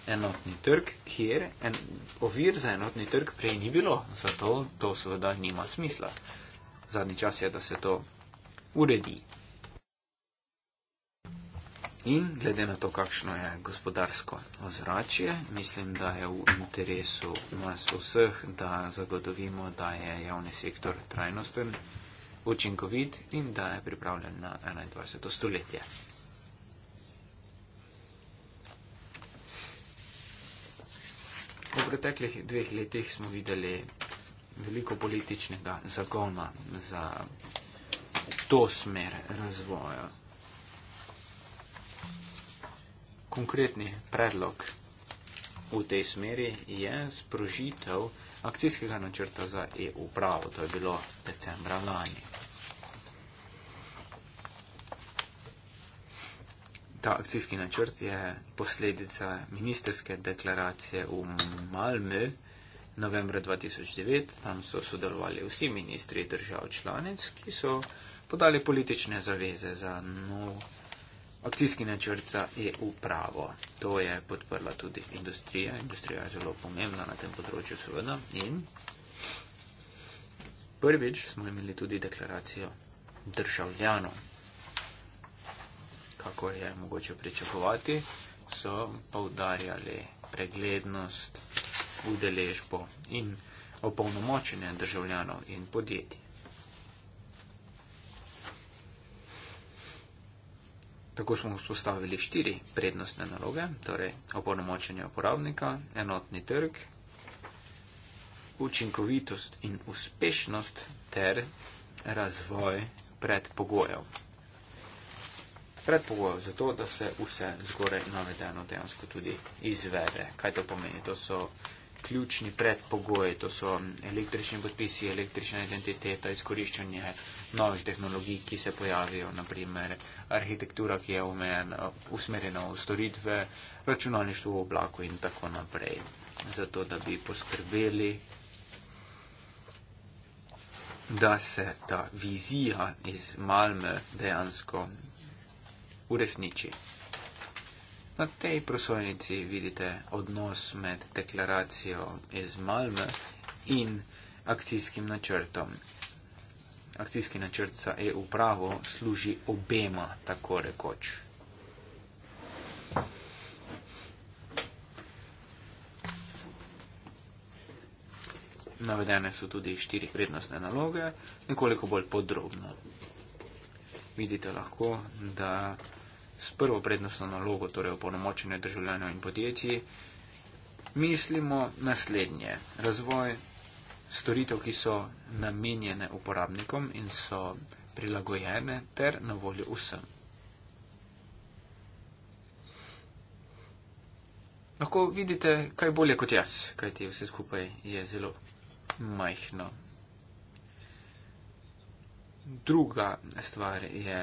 enotni trg, kjer en, ovir za enotni trg prej ni bilo. Zato to seveda nima smisla. Zadnji čas je, da se to uredi. In glede na to, kakšno je gospodarsko ozračje, mislim, da je v interesu nas vseh, da zagotovimo, da je javni sektor trajnosten učinkovit in da je pripravljen na 21. stoletje. V preteklih dveh letih smo videli veliko političnega zagona za to smer razvoja. Konkretni predlog v tej smeri je sprožitev akcijskega načrta za EU pravo. To je bilo decembra lani. ta akcijski načrt je posledica ministerske deklaracije v Malmö novembra 2009. Tam so sodelovali vsi ministri držav članic, ki so podali politične zaveze za nov akcijski načrt za EU pravo. To je podprla tudi industrija. Industrija je zelo pomembna na tem področju, seveda. In prvič smo imeli tudi deklaracijo državljanov kakor je mogoče pričakovati, so poudarjali preglednost, udeležbo in opolnomočenje državljanov in podjetij. Tako smo vzpostavili štiri prednostne naloge, torej opolnomočenje uporabnika, enotni trg, učinkovitost in uspešnost ter razvoj predpogojev predpogoj za to, da se vse zgoraj navedeno dejansko tudi izvede. Kaj to pomeni? To so ključni predpogoji, to so električni podpisi, električna identiteta, izkoriščanje novih tehnologij, ki se pojavijo, naprimer arhitektura, ki je omejena, usmerjena v storitve, računalništvo v oblaku in tako naprej. Zato, da bi poskrbeli, da se ta vizija iz Malme dejansko uresniči. Na tej prosojnici vidite odnos med deklaracijo iz Malme in akcijskim načrtom. Akcijski načrt za EU pravo služi obema, tako rekoč. Navedene so tudi štiri prednostne naloge, nekoliko bolj podrobno. Vidite lahko, da s prvo prednostno nalogo, torej opolnomočenje državljanov in podjetij, mislimo naslednje. Razvoj storitev, ki so namenjene uporabnikom in so prilagojene ter na voljo vsem. Lahko vidite kaj bolje kot jaz, kajti vse skupaj je zelo majhno. Druga stvar je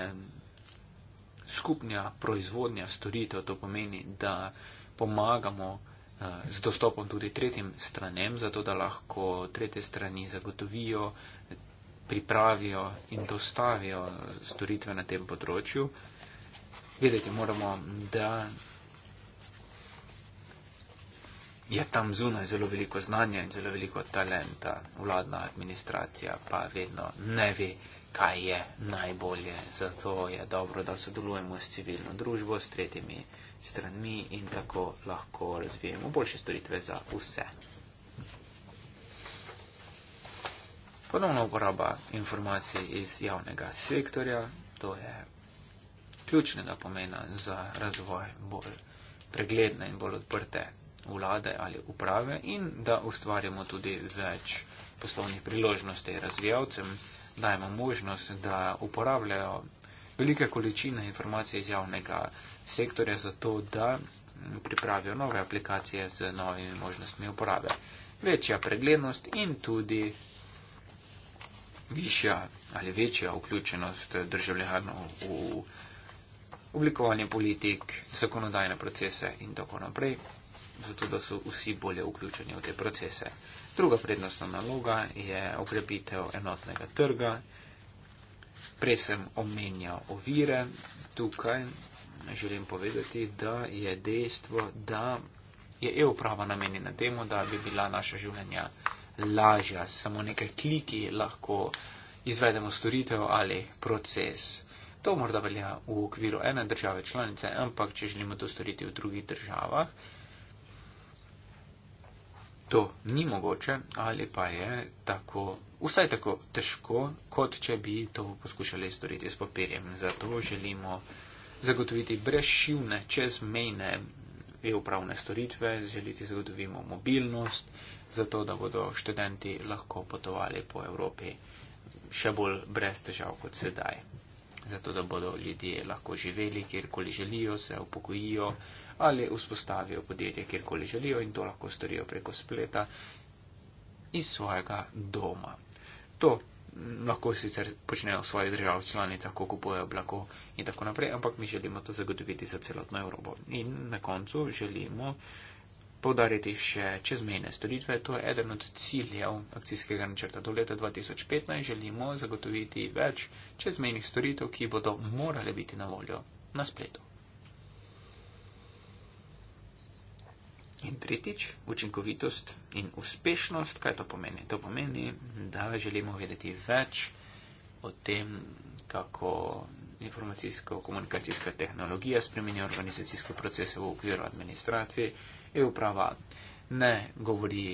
skupna proizvodnja storitev, to pomeni, da pomagamo eh, z dostopom tudi tretjim stranem, zato da lahko tretje strani zagotovijo, pripravijo in dostavijo storitve na tem področju. Vedeti moramo, da je tam zunaj zelo veliko znanja in zelo veliko talenta. Vladna administracija pa vedno ne ve, kaj je najbolje. Zato je dobro, da sodelujemo s civilno družbo, s tretjimi stranmi in tako lahko razvijemo boljše storitve za vse. Ponovna uporaba informacij iz javnega sektorja, to je ključnega pomena za razvoj bolj pregledne in bolj odprte vlade ali uprave in da ustvarjamo tudi več poslovnih priložnosti razvijalcem dajemo možnost, da uporabljajo velike količine informacij iz javnega sektorja za to, da pripravijo nove aplikacije z novimi možnostmi uporabe. Večja preglednost in tudi višja ali večja vključenost državljanov v oblikovanje politik, zakonodajne procese in tako naprej, zato da so vsi bolje vključeni v te procese. Druga prednostna naloga je ograbitev enotnega trga. Prej sem omenjal ovire. Tukaj želim povedati, da je dejstvo, da je EU prava namenjena temu, da bi bila naša življenja lažja. Samo nekaj kliki lahko izvedemo storitev ali proces. To morda velja v okviru ene države članice, ampak če želimo to storiti v drugih državah, to ni mogoče ali pa je tako, vsaj tako težko, kot če bi to poskušali storiti s papirjem. Zato želimo zagotoviti brezšivne, čezmejne e-upravne storitve, želiti zagotovimo mobilnost, zato da bodo študenti lahko potovali po Evropi še bolj brez težav kot sedaj. Zato, da bodo ljudje lahko živeli, kjerkoli želijo, se upokojijo, ali vzpostavijo podjetje kjerkoli želijo in to lahko storijo preko spleta iz svojega doma. To mm, lahko sicer počnejo v svojih držav članicah, ko kupujejo blago in tako naprej, ampak mi želimo to zagotoviti za celotno Evropo. In na koncu želimo podariti še čezmejne storitve. To je eden od ciljev akcijskega načrta. Do leta 2015 želimo zagotoviti več čezmejnih storitev, ki bodo morale biti na voljo na spletu. In tretjič, učinkovitost in uspešnost. Kaj to pomeni? To pomeni, da želimo vedeti več o tem, kako informacijsko-komunikacijska tehnologija spremenja organizacijske procese v okviru administracije. E-uprava ne govori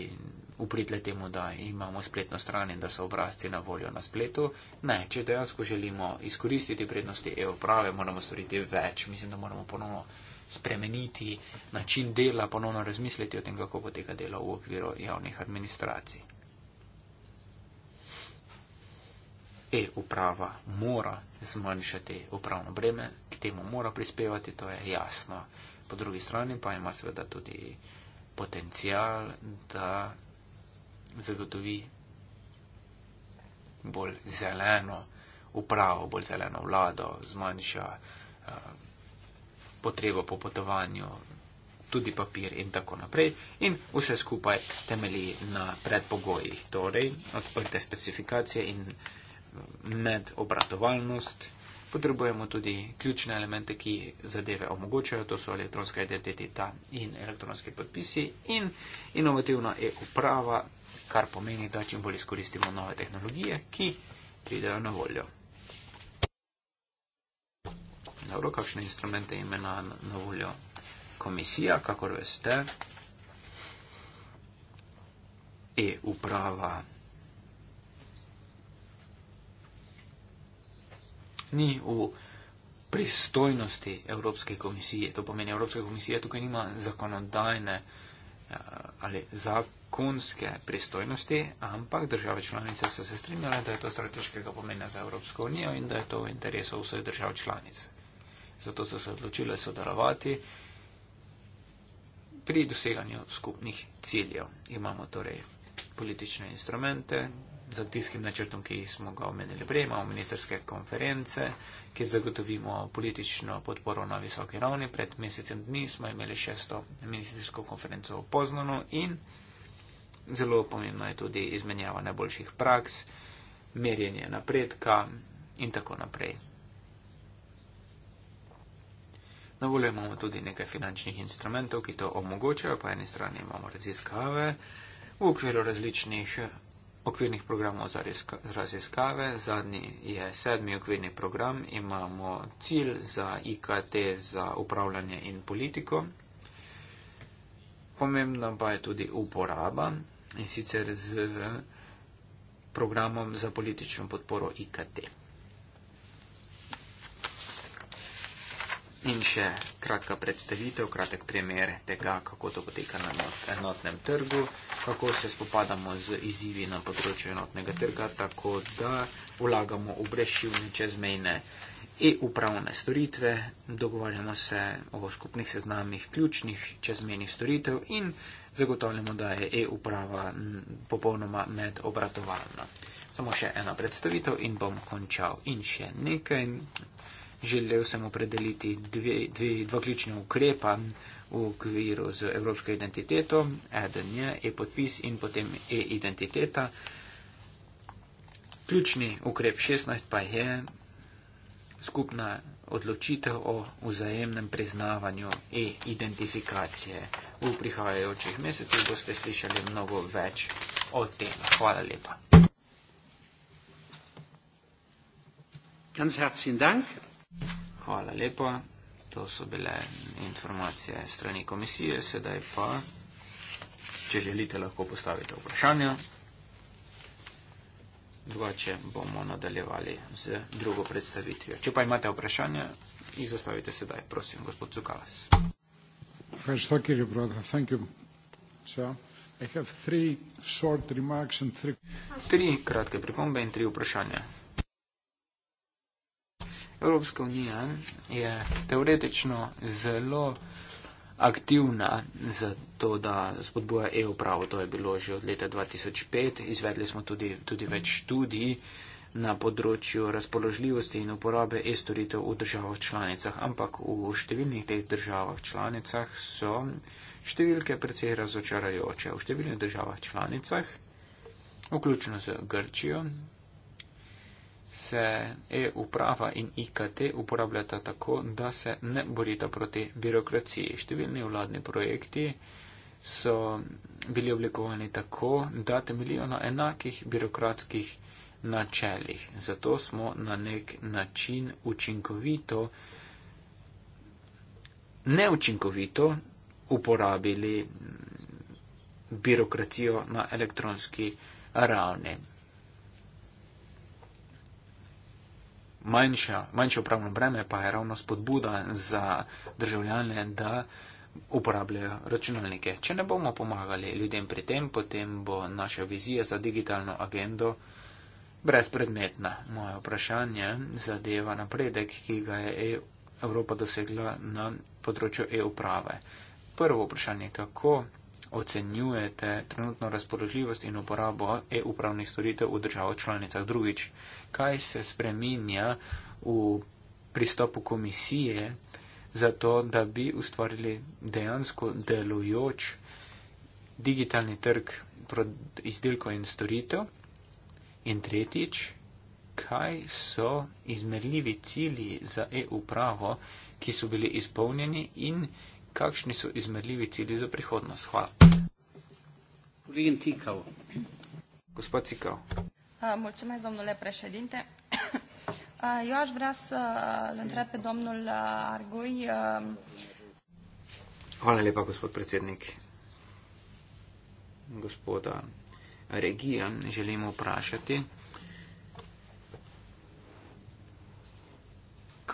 upritle temu, da imamo spletno stran in da so obrazci na voljo na spletu. Ne, če dejansko želimo izkoristiti prednosti e-uprave, moramo storiti več. Mislim, da moramo ponovno spremeniti način dela, ponovno razmisliti o tem, kako poteka delo v okviru javnih administracij. E, uprava mora zmanjšati upravno breme, k temu mora prispevati, to je jasno. Po drugi strani pa ima seveda tudi potencial, da zagotovi bolj zeleno upravo, bolj zeleno vlado, zmanjša potrebo po potovanju, tudi papir in tako naprej. In vse skupaj temeli na predpogojih, torej odprte specifikacije in medobratovalnost. Potrebujemo tudi ključne elemente, ki zadeve omogočajo, to so elektronska identiteta in elektronski podpisi in inovativna e-uprava, kar pomeni, da čim bolj izkoristimo nove tehnologije, ki pridejo na voljo. Dobro, kakšne instrumente ima na, na voljo komisija, kakor veste, e-uprava. Ni v pristojnosti Evropske komisije, to pomeni, Evropska komisija tukaj nima zakonodajne eh, ali zakonske pristojnosti, ampak države članice so se strinjale, da je to strateškega pomena za Evropsko unijo in da je to v interesu vseh držav članice zato so se odločile sodelovati pri doseganju skupnih ciljev. Imamo torej politične instrumente z aktivskim načrtom, ki smo ga omenili prej, imamo ministerske konference, kjer zagotovimo politično podporo na visoki ravni. Pred mesecem dni smo imeli šesto ministersko konferenco v Poznanu in zelo pomembno je tudi izmenjava najboljših praks, merjenje napredka in tako naprej. Na voljo imamo tudi nekaj finančnih instrumentov, ki to omogočajo. Po eni strani imamo raziskave v okviru različnih okvirnih programov za raziskave. Zadnji je sedmi okvirni program. Imamo cilj za IKT za upravljanje in politiko. Pomembna pa je tudi uporaba in sicer z programom za politično podporo IKT. In še kratka predstavitev, kratek primer tega, kako to poteka na enotnem trgu, kako se spopadamo z izzivi na področju enotnega trga, tako da vlagamo v brešivne čezmejne e-upravne storitve, dogovarjamo se o skupnih seznamih ključnih čezmejnih storitev in zagotavljamo, da je e-uprava popolnoma medobratovalna. Samo še ena predstavitev in bom končal. In še nekaj. Želel sem opredeliti dve, dve, dva ključna ukrepa v okviru z evropsko identiteto. Eden je e-podpis in potem e-identiteta. Ključni ukrep 16 pa je skupna odločitev o vzajemnem priznavanju e-identifikacije. V prihajajočih mesecih boste slišali mnogo več o tem. Hvala lepa. Ganz herzlichen Dank. Hvala lepa. To so bile informacije strani komisije. Sedaj pa, če želite, lahko postavite vprašanja. Drugače bomo nadaljevali z drugo predstavitvijo. Če pa imate vprašanja, jih zastavite sedaj. Prosim, gospod Cukalas. Tri kratke pripombe in tri vprašanja. Evropska unija je teoretično zelo aktivna za to, da spodbuja EU pravo. To je bilo že od leta 2005. Izvedli smo tudi, tudi več študij na področju razpoložljivosti in uporabe e-storitev v državah članicah, ampak v številnih teh državah članicah so številke precej razočarajoče. V številnih državah članicah, vključno z Grčijo, se e-uprava in IKT uporabljata tako, da se ne borita proti birokraciji. Številni vladni projekti so bili oblikovani tako, da temeljijo na enakih birokratskih načelih. Zato smo na nek način učinkovito, neučinkovito uporabili birokracijo na elektronski ravni. manjša, manjše upravno breme pa je ravno spodbuda za državljane, da uporabljajo računalnike. Če ne bomo pomagali ljudem pri tem, potem bo naša vizija za digitalno agendo brezpredmetna. Moje vprašanje zadeva napredek, ki ga je e- Evropa dosegla na področju e-uprave. Prvo vprašanje, kako ocenjujete trenutno razpoložljivost in uporabo e-upravnih storitev v državah članicah. Drugič, kaj se spreminja v pristopu komisije za to, da bi ustvarili dejansko delujoč digitalni trg izdelkov in storitev? In tretjič, kaj so izmerljivi cilji za e-upravo, ki so bili izpolnjeni in kakšni so izmerljivi cilji za prihodnost. Hvala. Kolegin Cikav. Gospod Cikav. Mulțumesc, domnule președinte. Eu aș vrea să îl întreb pe domnul Argui. Hvala lepa, gospod predsednik. Gospoda Regija, želim vprašati.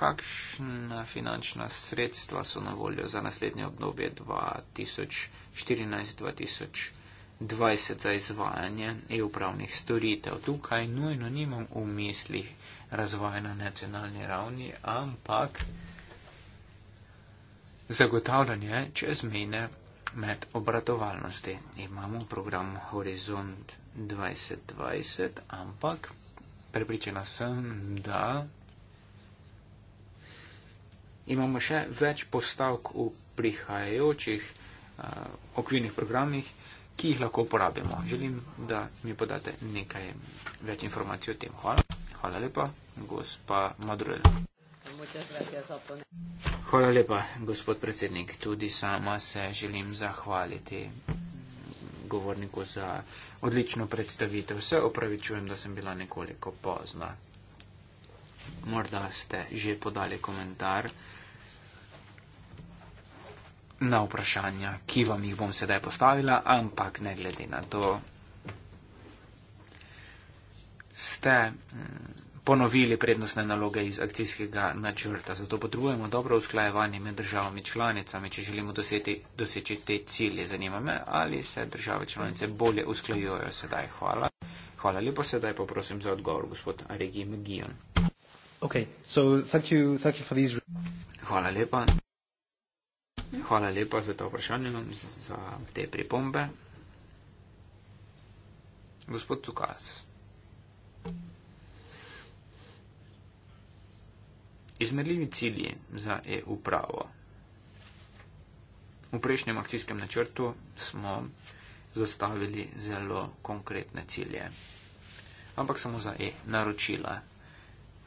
kakšna finančna sredstva so na voljo za naslednje obdobje 2014-2020 za izvajanje e-upravnih storitev. Tukaj nujno nimam v mislih razvoja na nacionalni ravni, ampak zagotavljanje čezmejne med obratovalnosti. Imamo program Horizont 2020, ampak prepričana sem, da Imamo še več postavk v prihajajočih uh, okvirnih programih, ki jih lahko uporabimo. Želim, da mi podate nekaj več informacij o tem. Hvala. Hvala lepa, gospa Madurel. Hvala lepa, gospod predsednik. Tudi sama se želim zahvaliti govorniku za odlično predstavitev. Vse opravičujem, da sem bila nekoliko pozna. Morda ste že podali komentar na vprašanja, ki vam jih bom sedaj postavila, ampak ne glede na to, ste mm, ponovili prednostne naloge iz akcijskega načrta. Zato potrebujemo dobro usklajevanje med državami članicami, če želimo doseti, doseči te cilje. Zanima me, ali se države članice bolje usklajujejo sedaj. Hvala. Hvala lepo sedaj, poprosim za odgovor, gospod Regi Megion. Okay, so thank you, thank you for these... Hvala lepa. Hvala lepa za to vprašanje, za te pripombe. Gospod Cukas. Izmerljivi cilji za EU pravo. V prejšnjem akcijskem načrtu smo zastavili zelo konkretne cilje, ampak samo za e naročila.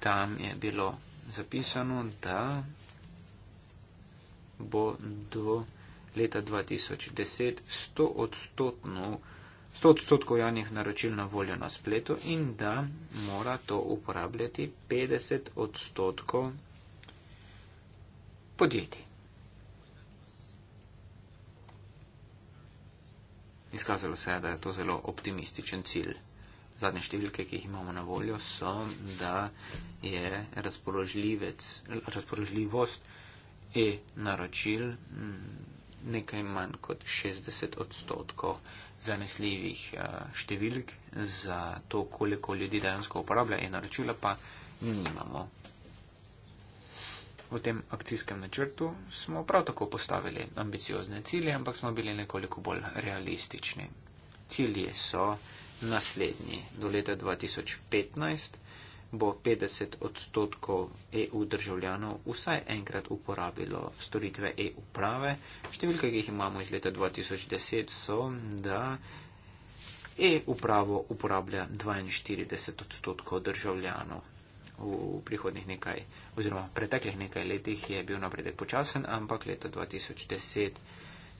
Tam je bilo zapisano, da bo do leta 2010 100 odstotkov, 100 odstotkov javnih naročil na voljo na spletu in da mora to uporabljati 50 odstotkov podjetij. Izkazalo se je, da je to zelo optimističen cilj. Zadnje številke, ki jih imamo na voljo, so, da je razpoložljivost e-naročil nekaj manj kot 60 odstotkov zanesljivih številk za to, koliko ljudi dejansko uporablja e-naročila, pa nimamo. V tem akcijskem načrtu smo prav tako postavili ambiciozne cilje, ampak smo bili nekoliko bolj realistični. Cilje so naslednji. Do leta 2015 bo 50 odstotkov EU državljanov vsaj enkrat uporabilo storitve EU prave. Številke, ki jih imamo iz leta 2010, so, da EU pravo uporablja 42 odstotkov državljanov. V prihodnih nekaj, oziroma v preteklih nekaj letih je bil napredek počasen, ampak leta 2010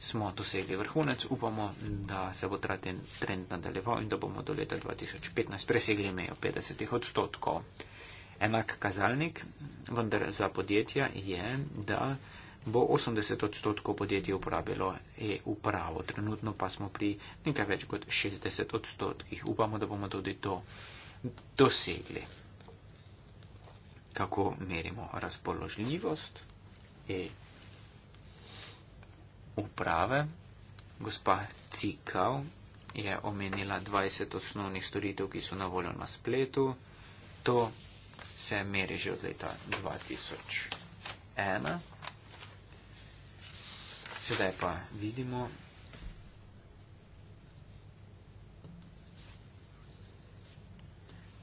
smo dosegli vrhunec. Upamo, da se bo traten trend nadaljeval in da bomo do leta 2015 presegli mejo 50 odstotkov. Enak kazalnik, vendar za podjetja, je, da bo 80 odstotkov podjetij uporabilo e-upravo. Trenutno pa smo pri nekaj več kot 60 odstotkih. Upamo, da bomo tudi to dosegli. Kako merimo razpoložljivost? E-upravo uprave, gospa Cikav, je omenila 20 osnovnih storitev, ki so na voljo na spletu. To se meri že od leta 2001. Sedaj pa vidimo.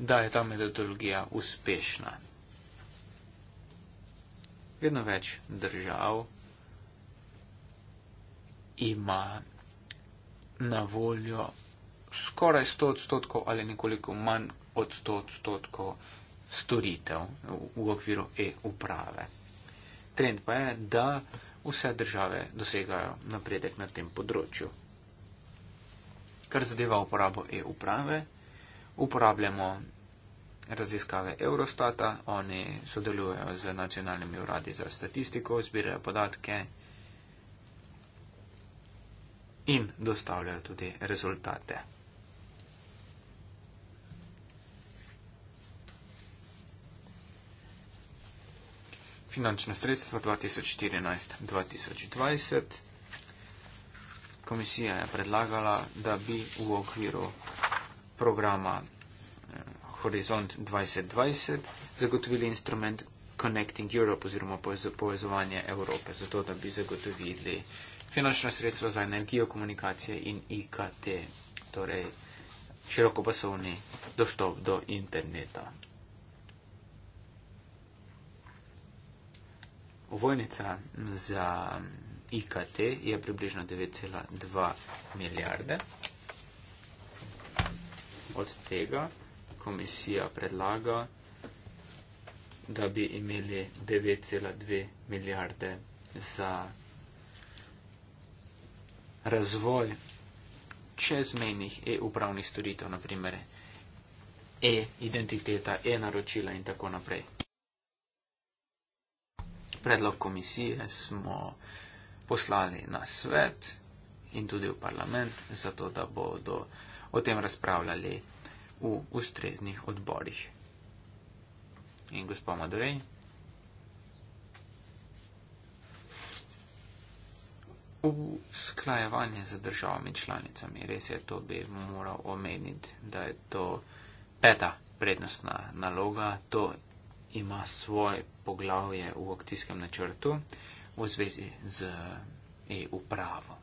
da je ta metodologija uspešna. Vedno več držav ima na voljo skoraj 100 odstotkov ali nekoliko manj od 100 odstotkov storitev v okviru e-uprave. Trend pa je, da vse države dosegajo napredek na tem področju. Kar zadeva uporabo e-uprave, uporabljamo raziskave Eurostata, oni sodelujejo z nacionalnimi uradi za statistiko, zbirajo podatke in dostavljajo tudi rezultate. Finančno sredstvo 2014-2020. Komisija je predlagala, da bi v okviru programa eh, Horizont 2020 zagotovili instrument Connecting Europe oziroma povezovanje Evrope, zato da bi zagotovili eh, finančna sredstva za energijo, komunikacije in IKT, torej širokopasovni dostop do interneta. Vojnica za IKT je približno 9,2 milijarde. Od tega komisija predlaga, da bi imeli 9,2 milijarde za IKT razvoj čezmejnih e-upravnih storitev, naprimer e-identiteta, e-naročila in tako naprej. Predlog komisije smo poslali na svet in tudi v parlament, zato da bodo o tem razpravljali v ustreznih odborih. In gospod Madurej. usklajevanje z državami članicami. Res je, to bi moral omeniti, da je to peta prednostna naloga. To ima svoje poglavje v akcijskem načrtu v zvezi z EU pravo.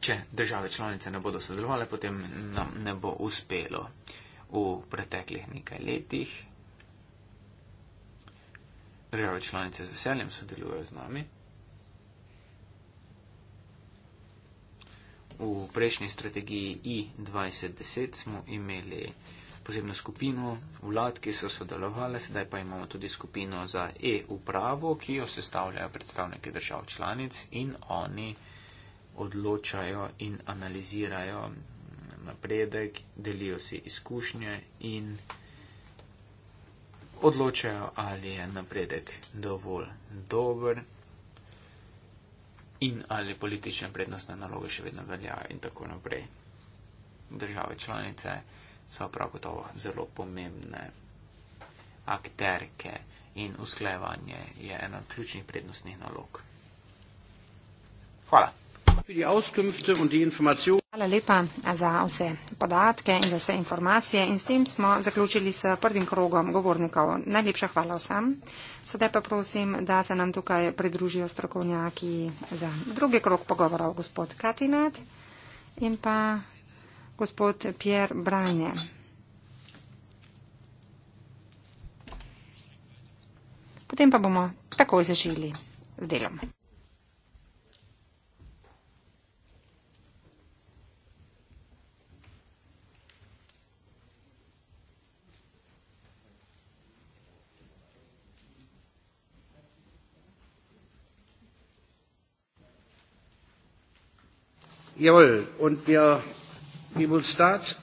Če države članice ne bodo sodelovali, potem nam ne bo uspelo v preteklih nekaj letih države članice z veseljem sodelujejo z nami. V prejšnji strategiji I-2010 smo imeli posebno skupino vlad, ki so sodelovali, sedaj pa imamo tudi skupino za e-upravo, ki jo sestavljajo predstavniki držav članic in oni odločajo in analizirajo napredek, delijo si izkušnje in odločajo, ali je napredek dovolj dober in ali politične prednostne naloge še vedno veljajo in tako naprej. Države članice so prav gotovo zelo pomembne akterke in usklajevanje je ena od ključnih prednostnih nalog. Hvala. Hvala lepa za vse podatke in za vse informacije in s tem smo zaključili s prvim krogom govornikov. Najlepša hvala vsem. Sedaj pa prosim, da se nam tukaj pridružijo strokovnjaki za drugi krog pogovorov, gospod Katinat in pa gospod Pierre Brajne. Potem pa bomo takoj začeli z delom. Jawohl. Und wir, we will start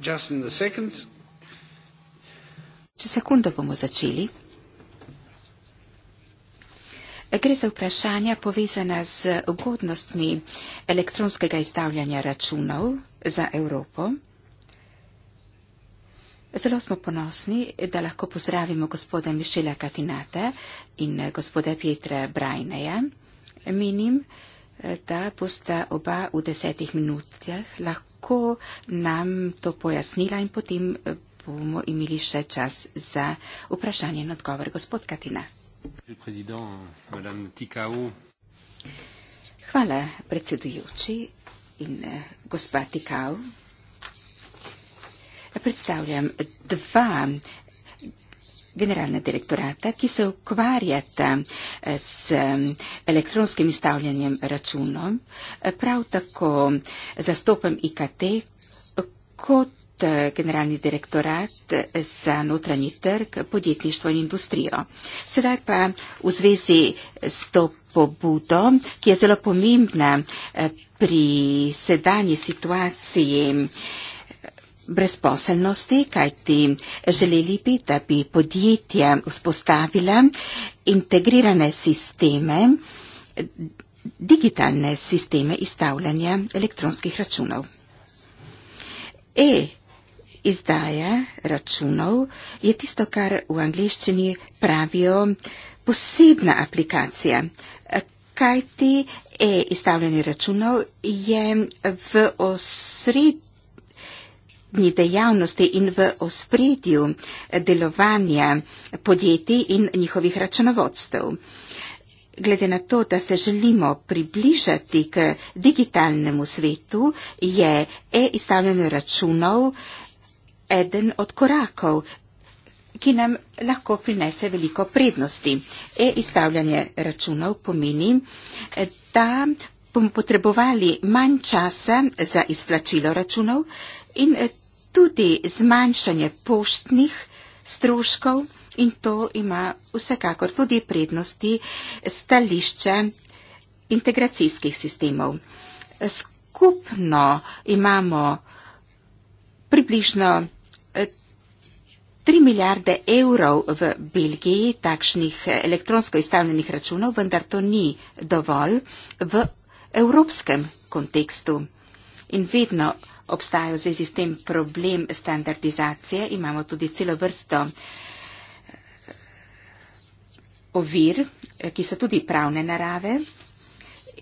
just in a second. Če sekundo bomo začeli. Gre za vprašanja povezana z ugodnostmi elektronskega izdavljanja računov za Evropo. Zelo smo ponosni, da lahko pozdravimo gospoda Mišela Katinate in gospoda Pietra Brajneja. Menim, da bosta oba v desetih minutah lahko nam to pojasnila in potem eh, bomo imeli še čas za vprašanje in odgovor. Gospod Katina. Hvala, predsedujoči in eh, gospa Tikau. Predstavljam dva generalna direktorata, ki se ukvarjata z eh, elektronskim izstavljanjem računov. Eh, prav tako eh, zastopam IKT kot generalni direktorat za notranji trg, podjetništvo in industrijo. Sedaj pa v zvezi s to pobudo, ki je zelo pomembna pri sedanji situaciji eh, brezposelnosti, kajti želeli bi, da bi podjetja vzpostavila integrirane sisteme, digitalne sisteme izstavljanja elektronskih računov. E izdaja računov je tisto, kar v angliščini pravijo posebna aplikacija, kajti e izstavljanje računov je v osredju prednji dejavnosti in v ospredju delovanja podjetij in njihovih računovodstv. Glede na to, da se želimo približati k digitalnemu svetu, je e-izstavljanje računov eden od korakov, ki nam lahko prinese veliko prednosti. E-izstavljanje računov pomeni, da bomo potrebovali manj časa za izplačilo računov, in eh, tudi zmanjšanje poštnih stroškov in to ima vsekakor tudi prednosti stališče integracijskih sistemov. Skupno imamo približno 3 eh, milijarde evrov v Belgiji takšnih eh, elektronsko izstavljenih računov, vendar to ni dovolj v evropskem kontekstu. In vedno obstaja v zvezi s tem problem standardizacije. Imamo tudi celo vrsto eh, ovir, eh, ki so tudi pravne narave.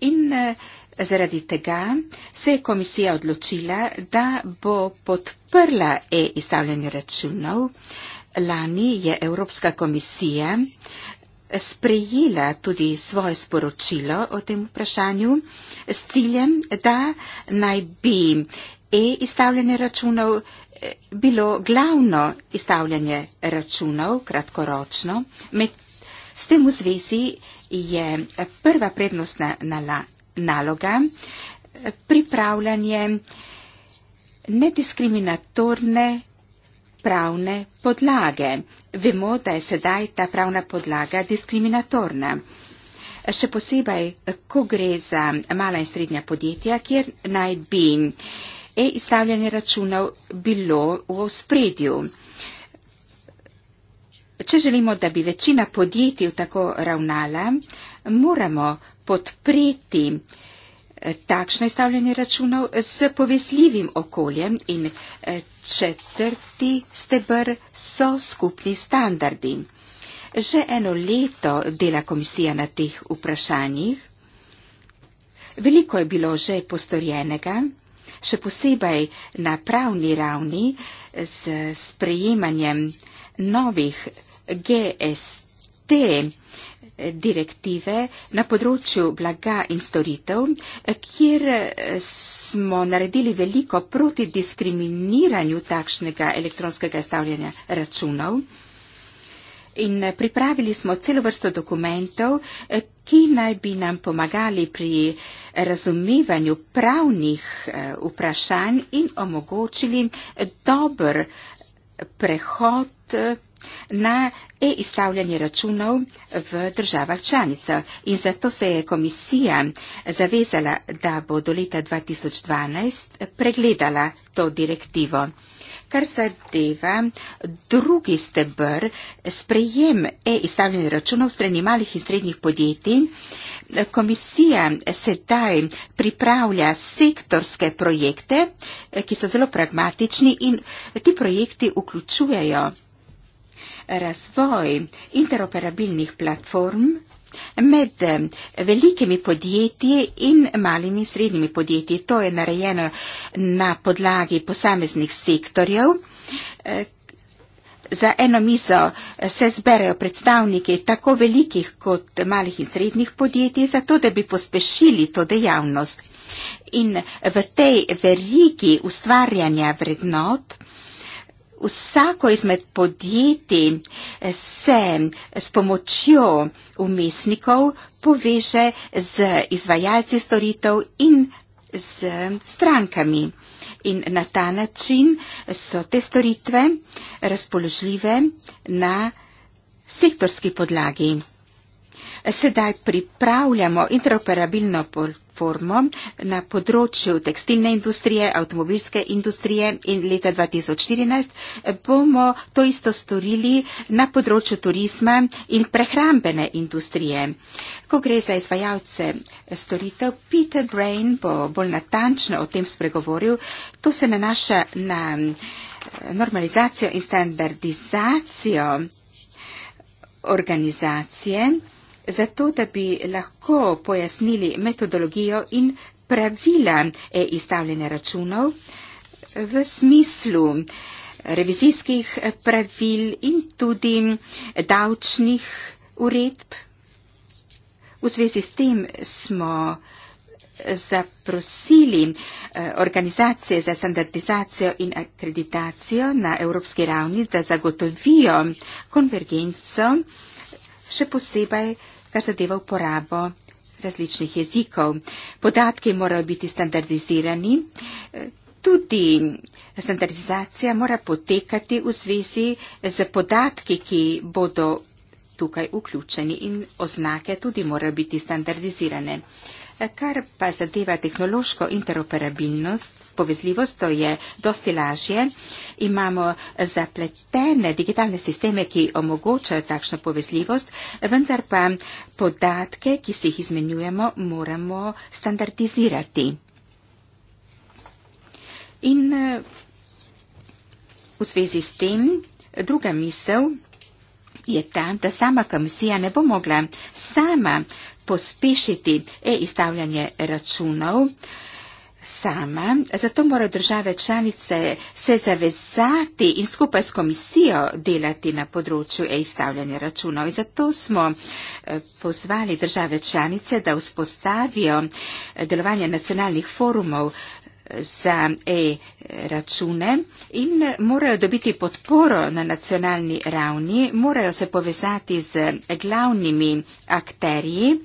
In eh, zaradi tega se je komisija odločila, da bo podprla e-izstavljanje računov. Lani je Evropska komisija sprejela tudi svoje sporočilo o tem vprašanju s ciljem, da naj bi e-izstavljanje računov eh, bilo glavno izstavljanje računov kratkoročno. Med s tem v zvezi je prva prednostna naloga eh, pripravljanje nediskriminatorne pravne podlage. Vemo, da je sedaj ta pravna podlaga diskriminatorna. Še posebej, ko gre za mala in srednja podjetja, kjer naj bi e-izdavljanje računov bilo v spredju. Če želimo, da bi večina podjetij tako ravnala, moramo podpreti eh, takšno izdavljanje računov s povezljivim okoljem in eh, četrti stebr so skupni standardi. Že eno leto dela komisija na teh vprašanjih. Veliko je bilo že postorjenega še posebej na pravni ravni s sprejemanjem novih GST direktive na področju blaga in storitev, kjer smo naredili veliko proti diskriminiranju takšnega elektronskega izstavljanja računov. In pripravili smo celo vrsto dokumentov, ki naj bi nam pomagali pri razumevanju pravnih eh, vprašanj in omogočili dober prehod eh, na e-izstavljanje računov v državah članica. In zato se je komisija zavezala, da bo do leta 2012 pregledala to direktivo. Kar zadeva drugi stebr, sprejem e-izdavljanje računov strani malih in srednjih podjetij, komisija sedaj pripravlja sektorske projekte, ki so zelo pragmatični in ti projekti vključujejo razvoj interoperabilnih platform, Med eh, velikimi podjetji in malimi srednjimi podjetji. To je narejeno na podlagi posameznih sektorjev. Eh, za eno mizo eh, se zberejo predstavniki tako velikih kot malih in srednjih podjetij, zato da bi pospešili to dejavnost. In v tej verigi ustvarjanja vrednot vsako izmed podjetij se s pomočjo umestnikov poveže z izvajalci storitev in z strankami. In na ta način so te storitve razpoložljive na sektorski podlagi sedaj pripravljamo interoperabilno platformo na področju tekstilne industrije, avtomobilske industrije in leta 2014 bomo to isto storili na področju turizma in prehrambene industrije. Ko gre za izvajalce storitev, Peter Brain bo bolj natančno o tem spregovoril. To se nanaša na eh, normalizacijo in standardizacijo organizacije zato da bi lahko pojasnili metodologijo in pravila eh, izstavljanja računov v smislu eh, revizijskih eh, pravil in tudi davčnih uredb. V zvezi s tem smo zaprosili organizacije za standardizacijo in akreditacijo na evropski ravni, da zagotovijo konvergenco, še posebej kar zadeva uporabo različnih jezikov. Podatki morajo biti standardizirani, tudi standardizacija mora potekati v zvezi z podatki, ki bodo tukaj vključeni in oznake tudi morajo biti standardizirane kar pa zadeva tehnološko interoperabilnost, povezljivost, to je dosti lažje. Imamo zapletene digitalne sisteme, ki omogočajo takšno povezljivost, vendar pa podatke, ki si jih izmenjujemo, moramo standardizirati. In v zvezi s tem druga misel je ta, da sama komisija ne bo mogla sama pospešiti e-izdavljanje računov. Sama, zato morajo države članice se zavezati in skupaj s komisijo delati na področju e-izdavljanja računov. In zato smo eh, pozvali države članice, da vzpostavijo eh, delovanje nacionalnih forumov eh, za e-račune in morajo dobiti podporo na nacionalni ravni, morajo se povezati z glavnimi akterji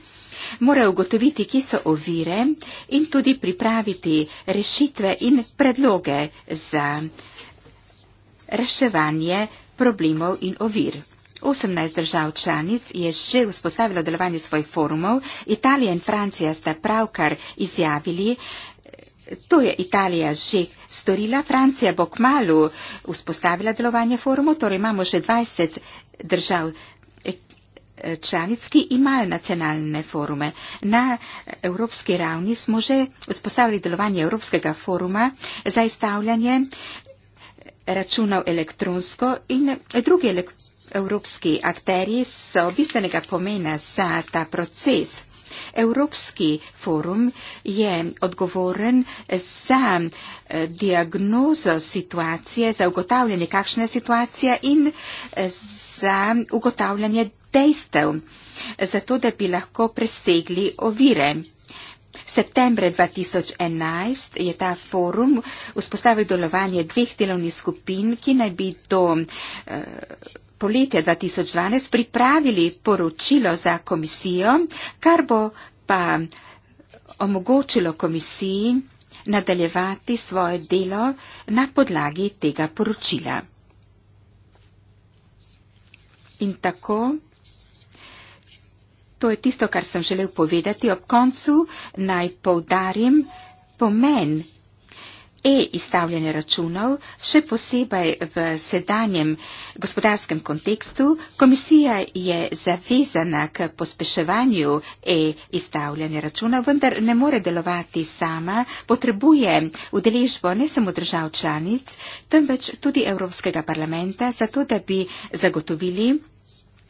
mora ugotoviti, ki so ovire in tudi pripraviti rešitve in predloge za reševanje problemov in ovir. 18 držav članic je že vzpostavilo delovanje svojih forumov, Italija in Francija sta pravkar izjavili, To je Italija že storila, Francija bo kmalo vzpostavila delovanje forumov, torej imamo že 20 držav članic, ki imajo nacionalne forume. Na evropski ravni smo že vzpostavili delovanje Evropskega foruma za izstavljanje računov elektronsko in drugi elek evropski akterji so bistvenega pomena za ta proces. Evropski forum je odgovoren za eh, diagnozo situacije, za ugotavljanje, kakšna je situacija in eh, za ugotavljanje dejstev, zato da bi lahko presegli ovire. Septembre 2011 je ta forum vzpostavil delovanje dveh delovnih skupin, ki naj bi do uh, poletja 2012 pripravili poročilo za komisijo, kar bo pa omogočilo komisiji nadaljevati svoje delo na podlagi tega poročila. In tako To je tisto, kar sem želel povedati. Ob koncu naj povdarim pomen e-izstavljanja računov, še posebej v sedanjem gospodarskem kontekstu. Komisija je zavezana k pospeševanju e-izstavljanja računov, vendar ne more delovati sama, potrebuje udeležbo ne samo držav članic, temveč tudi Evropskega parlamenta, zato da bi zagotovili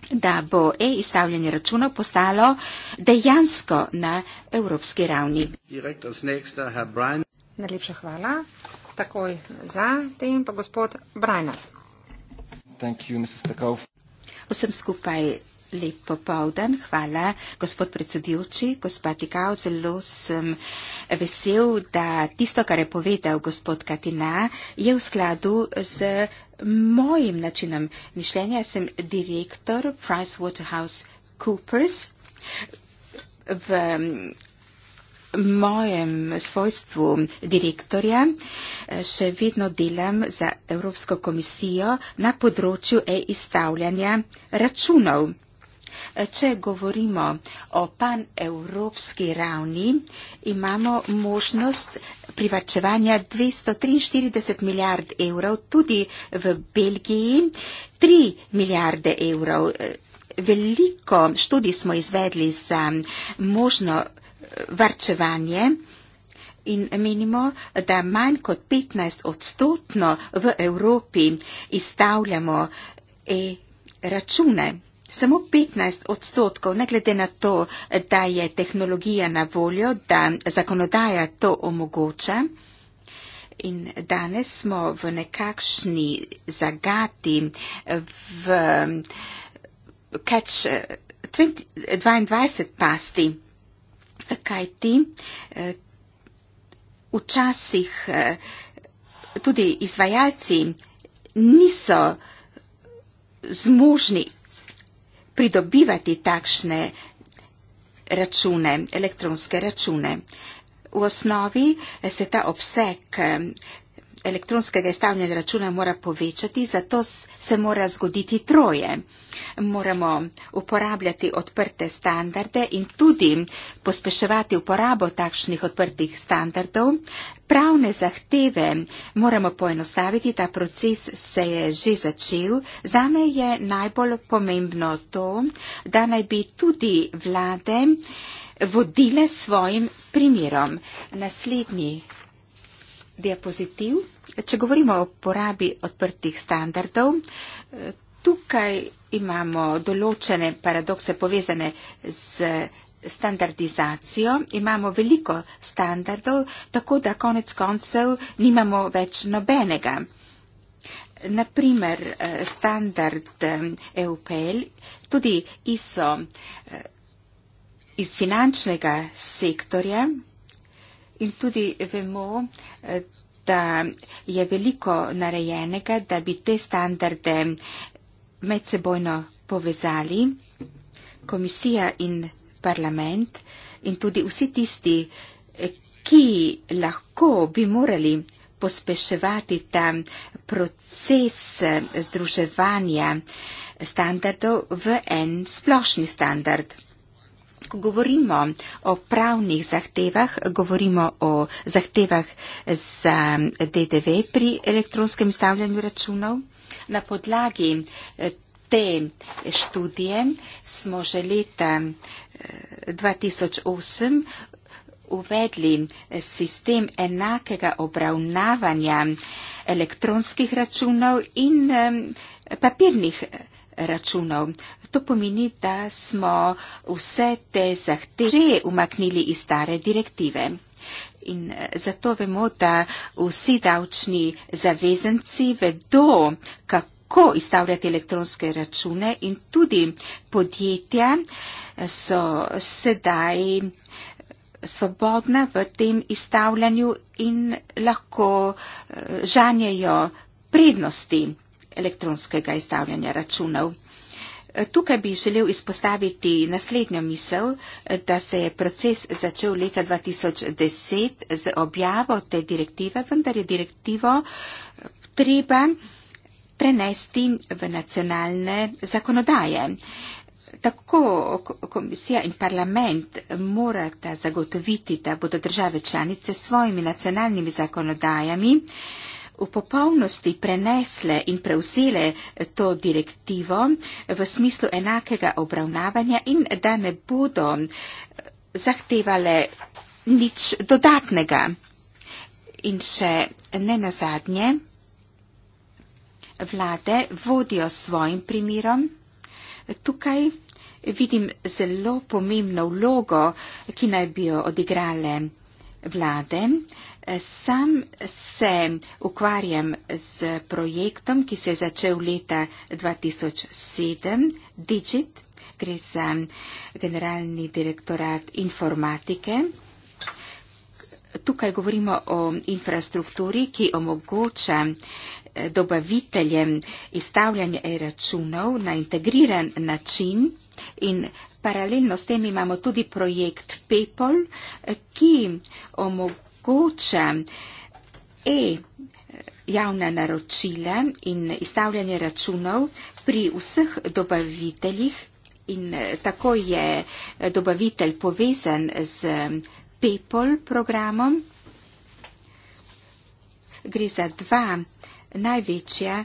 da bo e-izstavljanje računov postalo dejansko na evropski ravni. Najlepša hvala. Takoj za tem pa gospod Brajna. Vsem skupaj Lep popovdan, hvala, gospod predsedujoči, gospod Tikao, zelo sem vesel, da tisto, kar je povedal gospod Katina, je v skladu z mojim načinom mišljenja. Sem direktor Pricewaterhouse Coopers. V mojem svojstvu direktorja še vedno delam za Evropsko komisijo na področju e-izstavljanja računov. Če govorimo o panevropski ravni, imamo možnost privačevanja 243 milijard evrov, tudi v Belgiji 3 milijarde evrov. Veliko študij smo izvedli za možno eh, varčevanje in menimo, da manj kot 15 odstotno v Evropi izstavljamo e-račune samo 15 odstotkov, ne glede na to, da je tehnologija na voljo, da zakonodaja to omogoča. In danes smo v nekakšni zagati v catch 22 pasti, kaj ti eh, včasih eh, tudi izvajalci niso zmožni pridobivati takšne račune, elektronske račune. V osnovi se ta obseg elektronskega izstavljanja računa mora povečati, zato se mora zgoditi troje. Moramo uporabljati odprte standarde in tudi pospeševati uporabo takšnih odprtih standardov. Pravne zahteve moramo poenostaviti, ta proces se je že začel. Za me je najbolj pomembno to, da naj bi tudi vlade vodile svojim primerom. Naslednji diapozitiv. Če govorimo o porabi odprtih standardov, tukaj imamo določene paradokse povezane z standardizacijo. Imamo veliko standardov, tako da konec koncev nimamo več nobenega. Naprimer, eh, standard EUPL, eh, e tudi ISO eh, iz finančnega sektorja in tudi vemo, da je veliko narejenega, da bi te standarde medsebojno povezali, komisija in parlament in tudi vsi tisti, ki lahko bi morali pospeševati ta proces združevanja standardov v en splošni standard. Ko govorimo o pravnih zahtevah, govorimo o zahtevah za DDV pri elektronskem stavljanju računov. Na podlagi eh, te študije smo že leta 2008 eh, uvedli sistem enakega obravnavanja elektronskih računov in eh, papirnih računov. To pomeni, da smo vse te zahteve že umaknili iz stare direktive. In eh, zato vemo, da vsi davčni zavezanci vedo, kako izstavljati elektronske račune in tudi podjetja eh, so sedaj eh, svobodna v tem izstavljanju in lahko žanjejo prednosti elektronskega izstavljanja računov. Tukaj bi želel izpostaviti naslednjo misel, da se je proces začel leta 2010 z objavo te direktive, vendar je direktivo treba prenesti v nacionalne zakonodaje. Tako komisija in parlament morata zagotoviti, da bodo države članice s svojimi nacionalnimi zakonodajami eh, v popolnosti prenesle in prevzele to direktivo v smislu enakega obravnavanja in da ne bodo eh, zahtevale nič dodatnega. In še ne nazadnje, vlade vodijo svojim primerom. Tukaj vidim zelo pomembno vlogo, ki naj bi jo odigrale vlade. Sam se ukvarjam z projektom, ki se je začel leta 2007, Digit, gre za generalni direktorat informatike. Tukaj govorimo o infrastrukturi, ki omogoča eh, dobaviteljem izstavljanje e-računov na integriran način in paralelno s tem imamo tudi projekt PayPal, eh, ki omogoča mogoče e javne naročile in izstavljanje računov pri vseh dobaviteljih in e, tako je e, dobavitelj povezan z PayPal programom. Gre za dva največja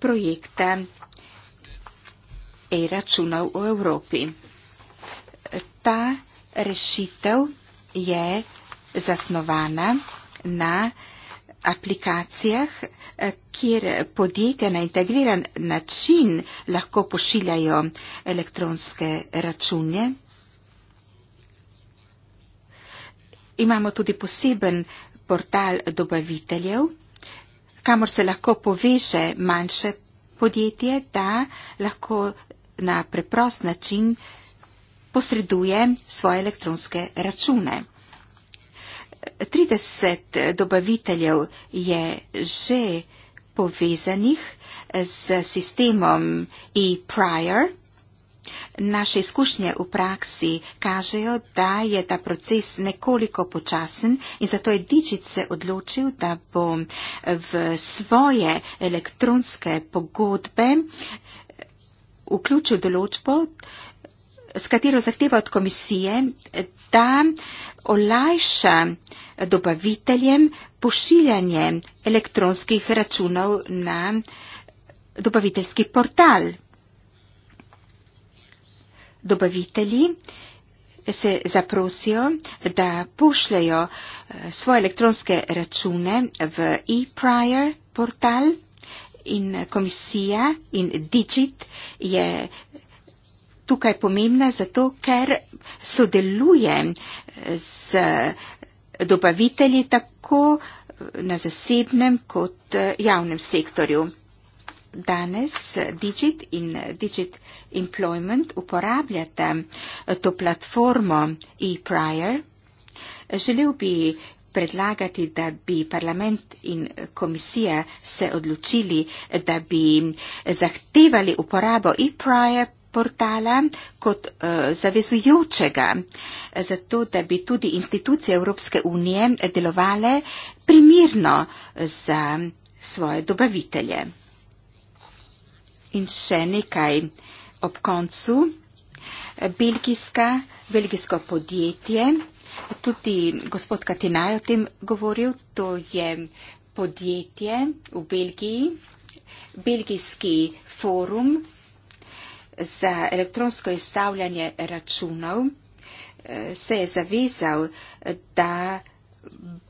projekta e-računov v Evropi. Ta rešitev je zasnovana na aplikacijah, eh, kjer podjetja na integriran način lahko pošiljajo elektronske račune. Imamo tudi poseben portal dobaviteljev, kamor se lahko poveže manjše podjetje, da lahko na preprost način posreduje svoje elektronske račune. 30 dobaviteljev je že povezanih z sistemom e-prior. Naše izkušnje v praksi kažejo, da je ta proces nekoliko počasen in zato je Digit se odločil, da bo v svoje elektronske pogodbe vključil določbo, s katero zahteva od komisije, da olajša dobaviteljem pošiljanje elektronskih računov na dobaviteljski portal. Dobavitelji se zaprosijo, da pošljajo eh, svoje elektronske račune v ePrior portal in komisija in Digit je tukaj pomembna zato, ker sodeluje z dobavitelji tako na zasebnem kot eh, javnem sektorju. Danes Digit in Digit Employment uporabljate eh, to platformo ePrior. Želel bi predlagati, da bi parlament in komisija se odločili, da bi zahtevali uporabo ePrior portala kot uh, zavezujočega, zato da bi tudi institucije Evropske unije delovale primirno za svoje dobavitelje. In še nekaj ob koncu. Belgijska, belgijsko podjetje, tudi gospod Katina je o tem govoril, to je podjetje v Belgiji, belgijski forum za elektronsko izstavljanje računov eh, se je zavezal, da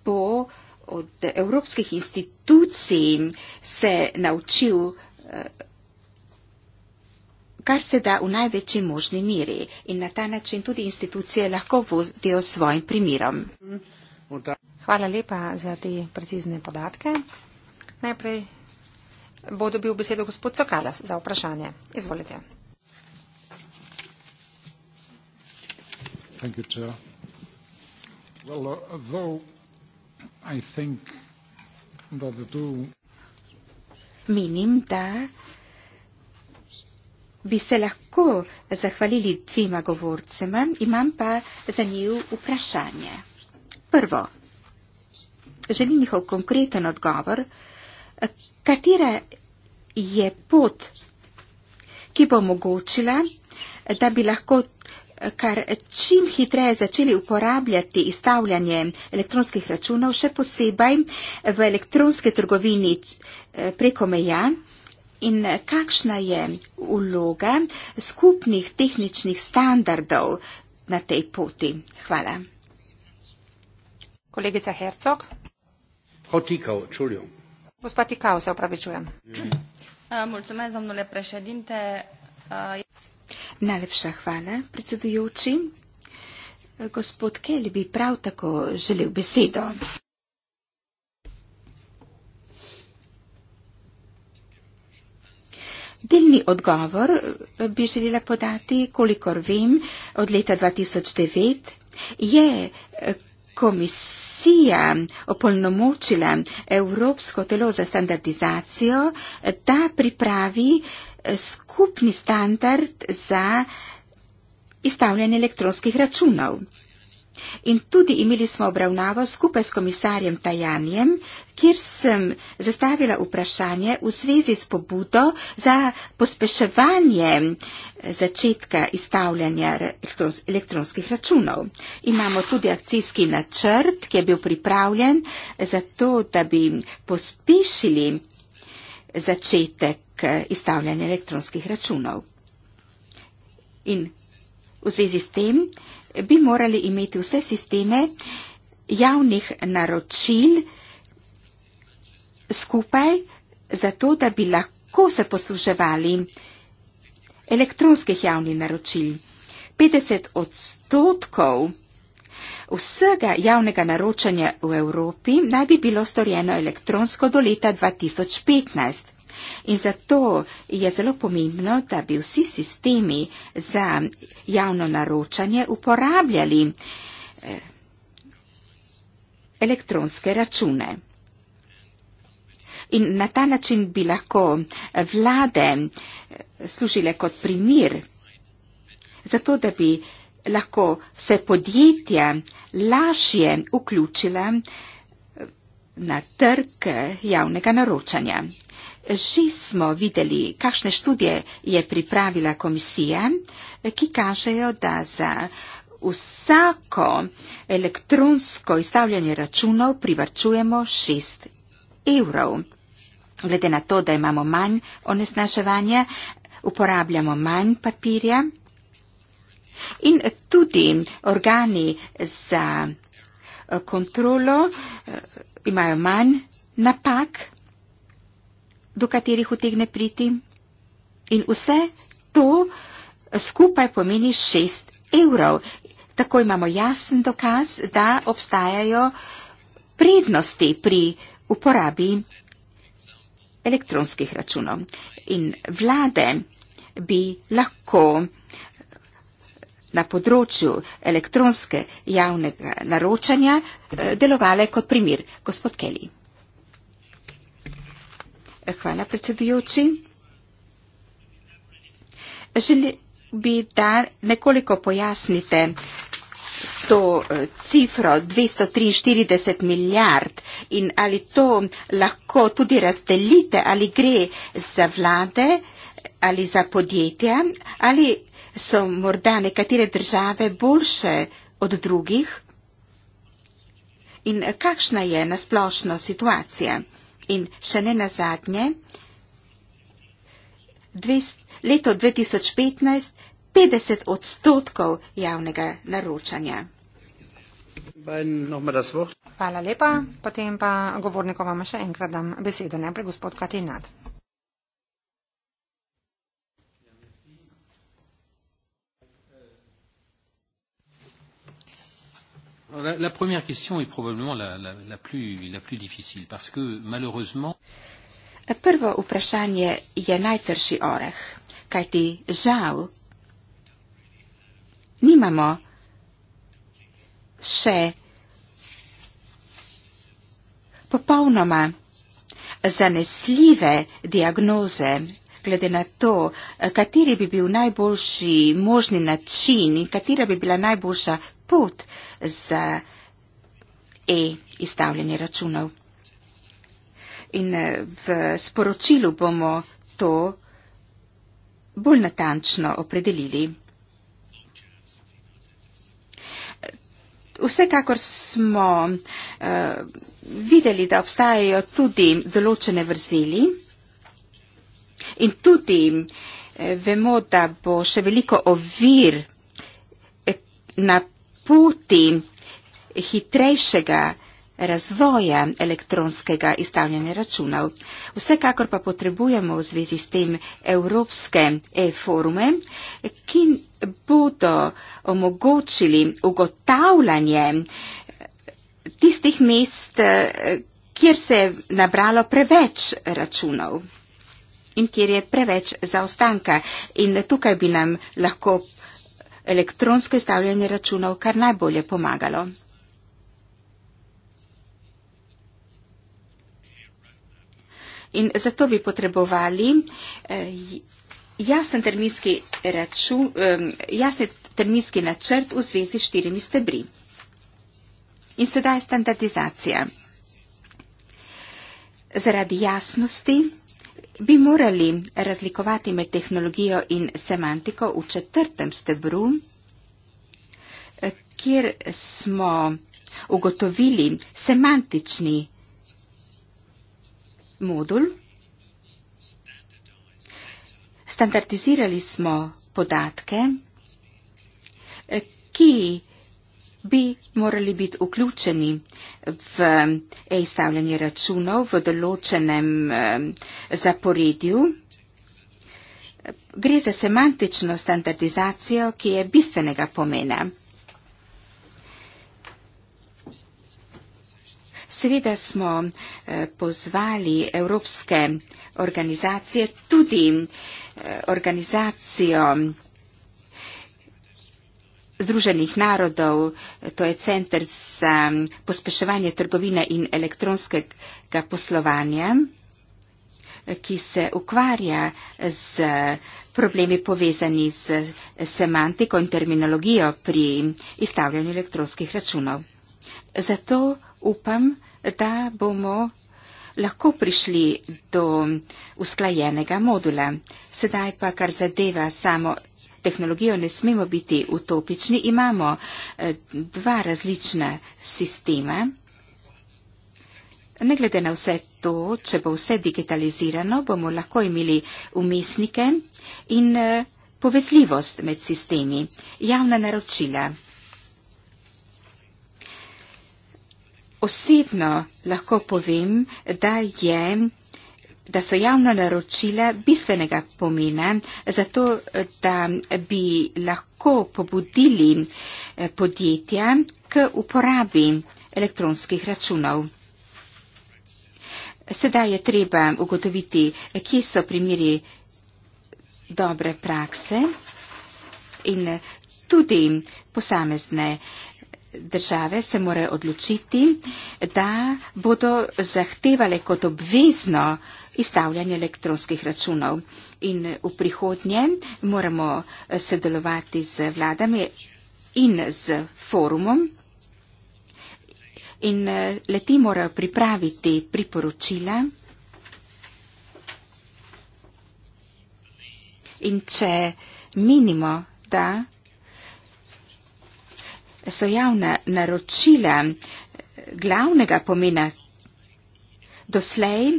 bo od evropskih institucij se naučil eh, kar se da v največji možni miri in na ta način tudi institucije lahko vodijo svojim primirom. Hvala lepa za te precizne podatke. Najprej bo dobil besedo gospod Cokalas za vprašanje. Izvolite. Thank you, Chair. Well, uh, though I think that the two. Menim, da bi se lahko zahvalili dvima govorcema, imam pa za njih vprašanje. Prvo, želim njihov konkreten odgovor, katera je pot, ki bo omogočila, da bi lahko kar čim hitreje začeli uporabljati izstavljanje elektronskih računov, še posebej v elektronske trgovini eh, preko meja. In kakšna je uloga skupnih tehničnih standardov na tej poti? Hvala. Kolegica Hercog. Hotikov, čuljo. Gospa Tikao, se opravičujem. Mm. Uh, mulțumesc, domnule președinte. Uh, Najlepša hvala, predsedujoči. Gospod Kelly bi prav tako želel besedo. Delni odgovor eh, bi želela podati, kolikor vem, od leta 2009 je eh, komisija opolnomočila Evropsko telo za standardizacijo, eh, da pripravi eh, skupni standard za izstavljanje elektronskih računov. In tudi imeli smo obravnavo skupaj s komisarjem Tajanjem, kjer sem zastavila vprašanje v zvezi s pobudo za pospeševanje začetka izstavljanja elektronskih računov. Imamo tudi akcijski načrt, ki je bil pripravljen za to, da bi pospešili začetek eh, izstavljanja elektronskih računov. In v zvezi s tem bi morali imeti vse sisteme javnih naročil skupaj, zato da bi lahko se posluževali elektronskih javnih naročil. 50 odstotkov Vsega javnega naročanja v Evropi naj bi bilo storjeno elektronsko do leta 2015. In zato je zelo pomembno, da bi vsi sistemi za javno naročanje uporabljali eh, elektronske račune. In na ta način bi lahko vlade eh, služile kot primir, zato da bi lahko se podjetja lažje vključila na trg javnega naročanja. Že smo videli, kakšne študije je pripravila komisija, ki kažejo, da za vsako elektronsko izstavljanje računov privrčujemo 6 evrov. Glede na to, da imamo manj onesnaževanja, uporabljamo manj papirja, In tudi organi za eh, kontrolo eh, imajo manj napak, do katerih utegne priti. In vse to eh, skupaj pomeni 6 evrov. Tako imamo jasen dokaz, da obstajajo prednosti pri uporabi elektronskih računov. In vlade bi lahko na področju elektronske javnega naročanja eh, delovale kot primir. Gospod Kelly. Hvala, predsedujoči. Želi bi, da nekoliko pojasnite to eh, cifro 243 milijard in ali to lahko tudi razdelite, ali gre za vlade eh, ali za podjetja ali so morda nekatere države boljše od drugih? In kakšna je nasplošno situacija? In še ne na zadnje, leto 2015 50 odstotkov javnega naročanja. Hvala lepa, potem pa govornikom vam še enkrat dam besedo, najprej gospod Katinat. La, la première question est probablement la, la, la, plus, la plus difficile parce que malheureusement. Prvo vprašanje je najtrši oreh, kaj ti žal nimamo še popolnoma zanesljive diagnoze glede na to, kateri bi bil najboljši možni način in katera bi bila najboljša pot za e-izstavljanje računov. In eh, v sporočilu bomo to bolj natančno opredelili. Vsekakor smo uh, videli, da obstajajo tudi določene vrzeli in tudi uh, vemo, da bo še veliko ovir na poti hitrejšega razvoja elektronskega izstavljanja računov. Vsekakor pa potrebujemo v zvezi s tem evropske e-forume, ki bodo omogočili ugotavljanje tistih mest, kjer se je nabralo preveč računov in kjer je preveč zaostanka. In tukaj bi nam lahko elektronsko izstavljanje računov kar najbolje pomagalo. In zato bi potrebovali eh, jasen terminski, raču, jasen terminski načrt v zvezi s štirimi stebri. In sedaj standardizacija. Zaradi jasnosti Bi morali razlikovati med tehnologijo in semantiko v četrtem stebru, eh, kjer smo ugotovili semantični modul. Standardizirali smo podatke, eh, ki bi morali biti vključeni v e-stavljanje eh, računov v določenem eh, zaporedju. Gre za semantično standardizacijo, ki je bistvenega pomena. Seveda smo eh, pozvali evropske organizacije, tudi organizacijo Združenih narodov, to je centr za pospeševanje trgovine in elektronskega poslovanja, ki se ukvarja z problemi povezani z semantiko in terminologijo pri izstavljanju elektronskih računov. Zato upam, da bomo lahko prišli do usklajenega modula. Sedaj pa, kar zadeva samo tehnologijo, ne smemo biti utopični. Imamo eh, dva različna sistema. Ne glede na vse to, če bo vse digitalizirano, bomo lahko imeli umestnike in eh, povezljivost med sistemi, javna naročila. osebno lahko povem, da, je, da so javna naročila bistvenega pomena za to, da bi lahko pobudili eh, podjetja k uporabi elektronskih računov. Sedaj je treba ugotoviti, kje so primiri dobre prakse in tudi posamezne eh, države se morajo odločiti, da bodo zahtevale kot obvezno izstavljanje elektronskih računov. In v prihodnje moramo eh, sodelovati z vladami in z forumom. In eh, leti morajo pripraviti priporočila. In če minimo, da so javna naročila glavnega pomena. Doslej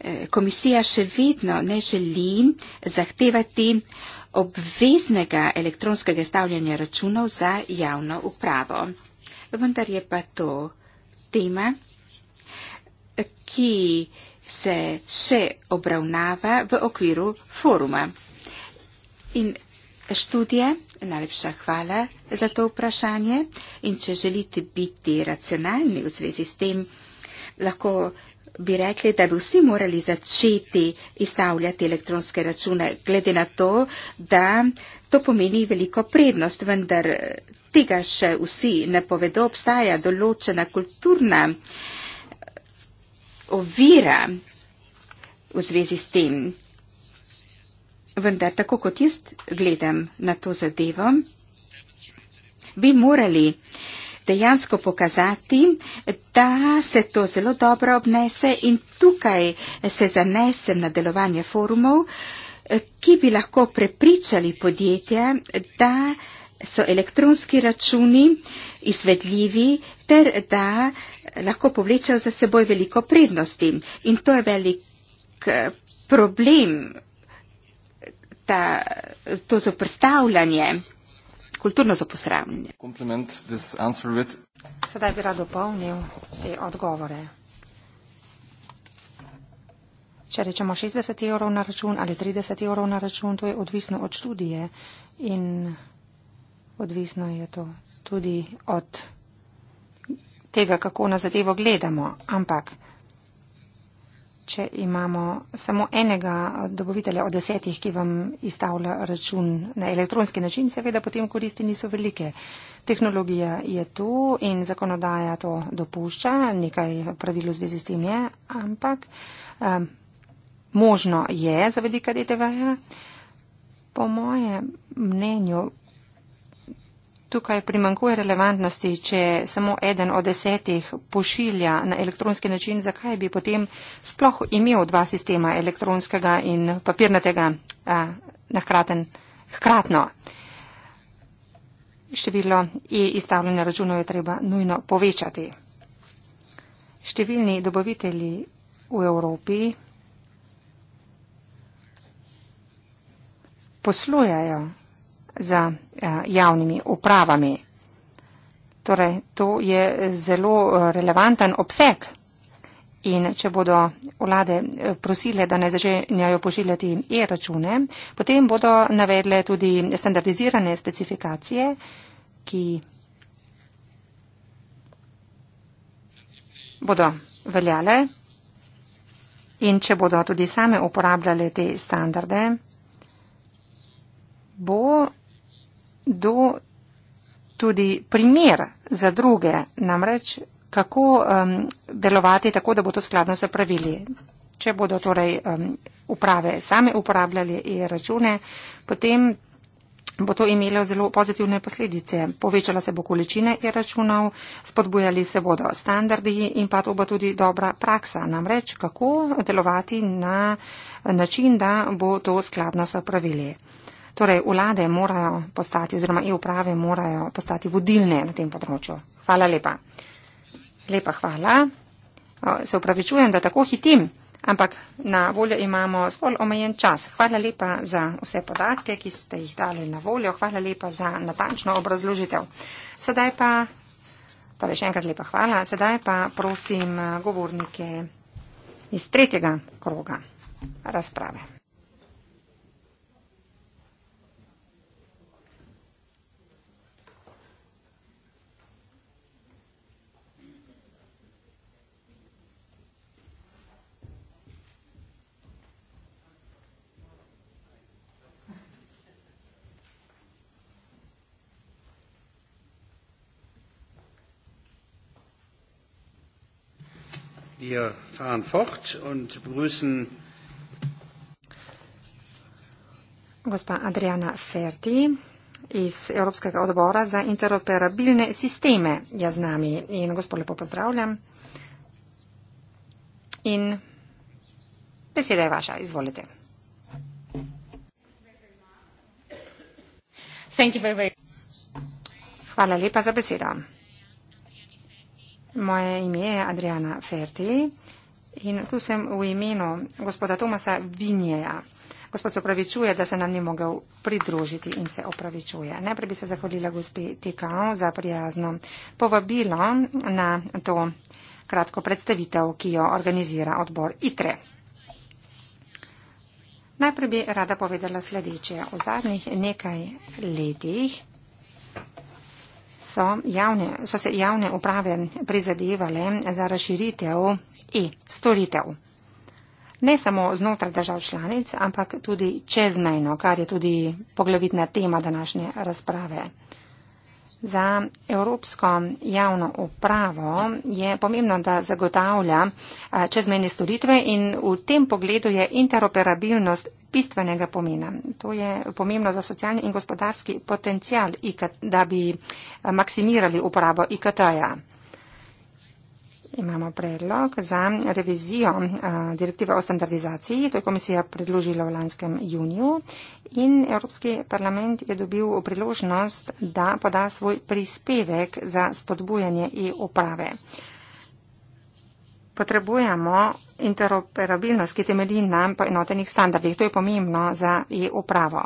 eh, komisija še vedno ne želi zahtevati obveznega elektronskega stavljanja računov za javno upravo. Vendar je pa to tema, ki se še obravnava v okviru foruma. In študije. Najlepša hvala za to vprašanje. In če želite biti racionalni v zvezi s tem, lahko bi rekli, da bi vsi morali začeti izstavljati elektronske račune, glede na to, da to pomeni veliko prednost, vendar tega še vsi ne povedo. Obstaja določena kulturna ovira v zvezi s tem. Vendar, tako kot jaz gledam na to zadevo, bi morali dejansko pokazati, da se to zelo dobro obnese in tukaj se zanesem na delovanje forumov, ki bi lahko prepričali podjetja, da so elektronski računi izvedljivi ter da lahko povlečajo za seboj veliko prednosti. In to je velik eh, problem ta, to zoprstavljanje, kulturno zoprstavljanje. Sedaj bi rad dopolnil te odgovore. Če rečemo 60 evrov na račun ali 30 evrov na račun, to je odvisno od študije in odvisno je to tudi od tega, kako na zadevo gledamo. Ampak če imamo samo enega dobovitelja od desetih, ki vam izstavlja račun na elektronski način, seveda potem koristi niso velike. Tehnologija je tu in zakonodaja to dopušča, nekaj pravil v zvezi s tem je, ampak um, možno je za velika DTV-ja. Po mojem mnenju tukaj primankuje relevantnosti, če samo eden od desetih pošilja na elektronski način, zakaj bi potem sploh imel dva sistema elektronskega in papirnatega a, nahkraten, hkratno. Število e izstavljanja računov je treba nujno povečati. Številni dobavitelji v Evropi poslujajo z eh, javnimi upravami. Torej, to je zelo eh, relevanten obseg. In če bodo vlade eh, prosile, da ne začenjajo pošiljati e-račune, potem bodo navedle tudi standardizirane specifikacije, ki bodo veljale. In če bodo tudi same uporabljale te standarde, bo do tudi primer za druge, namreč kako um, delovati tako, da bo to skladno se pravili. Če bodo torej um, uprave same uporabljali račune, potem bo to imelo zelo pozitivne posledice. Povečala se bo količina je računov, spodbujali se bodo standardi in pa to bo tudi dobra praksa. Namreč, kako delovati na način, da bo to skladno sa pravili. Torej, vlade morajo postati oziroma e-uprave morajo postati vodilne na tem področju. Hvala lepa. Lepa hvala. Se upravičujem, da tako hitim, ampak na voljo imamo zgolj omejen čas. Hvala lepa za vse podatke, ki ste jih dali na voljo. Hvala lepa za natančno obrazložitev. Sedaj pa, torej še enkrat lepa hvala, sedaj pa prosim govornike iz tretjega kroga razprave. Wir fahren fort und begrüßen Gospa Adriana Ferti iz Evropskega odbora za interoperabilne sisteme je z nami in gospod lepo pozdravljam. In beseda je vaša, izvolite. Hvala lepa za besedo. Moje ime je Adriana Ferti in tu sem v imenu gospoda Tomasa Vinjeja. Gospod se opravičuje, da se nam ni mogel pridružiti in se opravičuje. Najprej bi se zahvalila gospi Tikao za prijazno povabilo na to kratko predstavitev, ki jo organizira odbor ITRE. Najprej bi rada povedala sledeče. V zadnjih nekaj letih so, javne, so se javne uprave prizadevale za razširitev e-storitev. Ne samo znotraj držav članic, ampak tudi čezmejno, kar je tudi poglavitna tema današnje razprave. Za evropsko javno upravo je pomembno, da zagotavlja čezmene storitve in v tem pogledu je interoperabilnost bistvenega pomena. To je pomembno za socialni in gospodarski potencial, da bi maksimirali uporabo IKT-ja. Imamo predlog za revizijo eh, direktive o standardizaciji. To je komisija predložila v lanskem juniju in Evropski parlament je dobil priložnost, da poda svoj prispevek za spodbujanje in uprave. Potrebujemo interoperabilnost, ki temelji na poenotenih standardih. To je pomembno za e-upravo.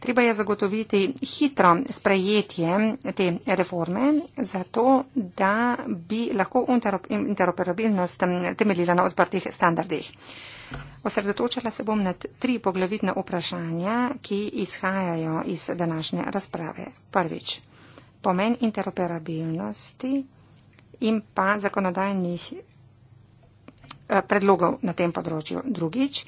Treba je zagotoviti hitro sprejetje te reforme, zato da bi lahko interoperabilnost temeljila na odprtih standardih. Osredotočila se bom na tri poglavitna vprašanja, ki izhajajo iz današnje razprave. Prvič, pomen interoperabilnosti in pa zakonodajnih eh, predlogov na tem področju. Drugič,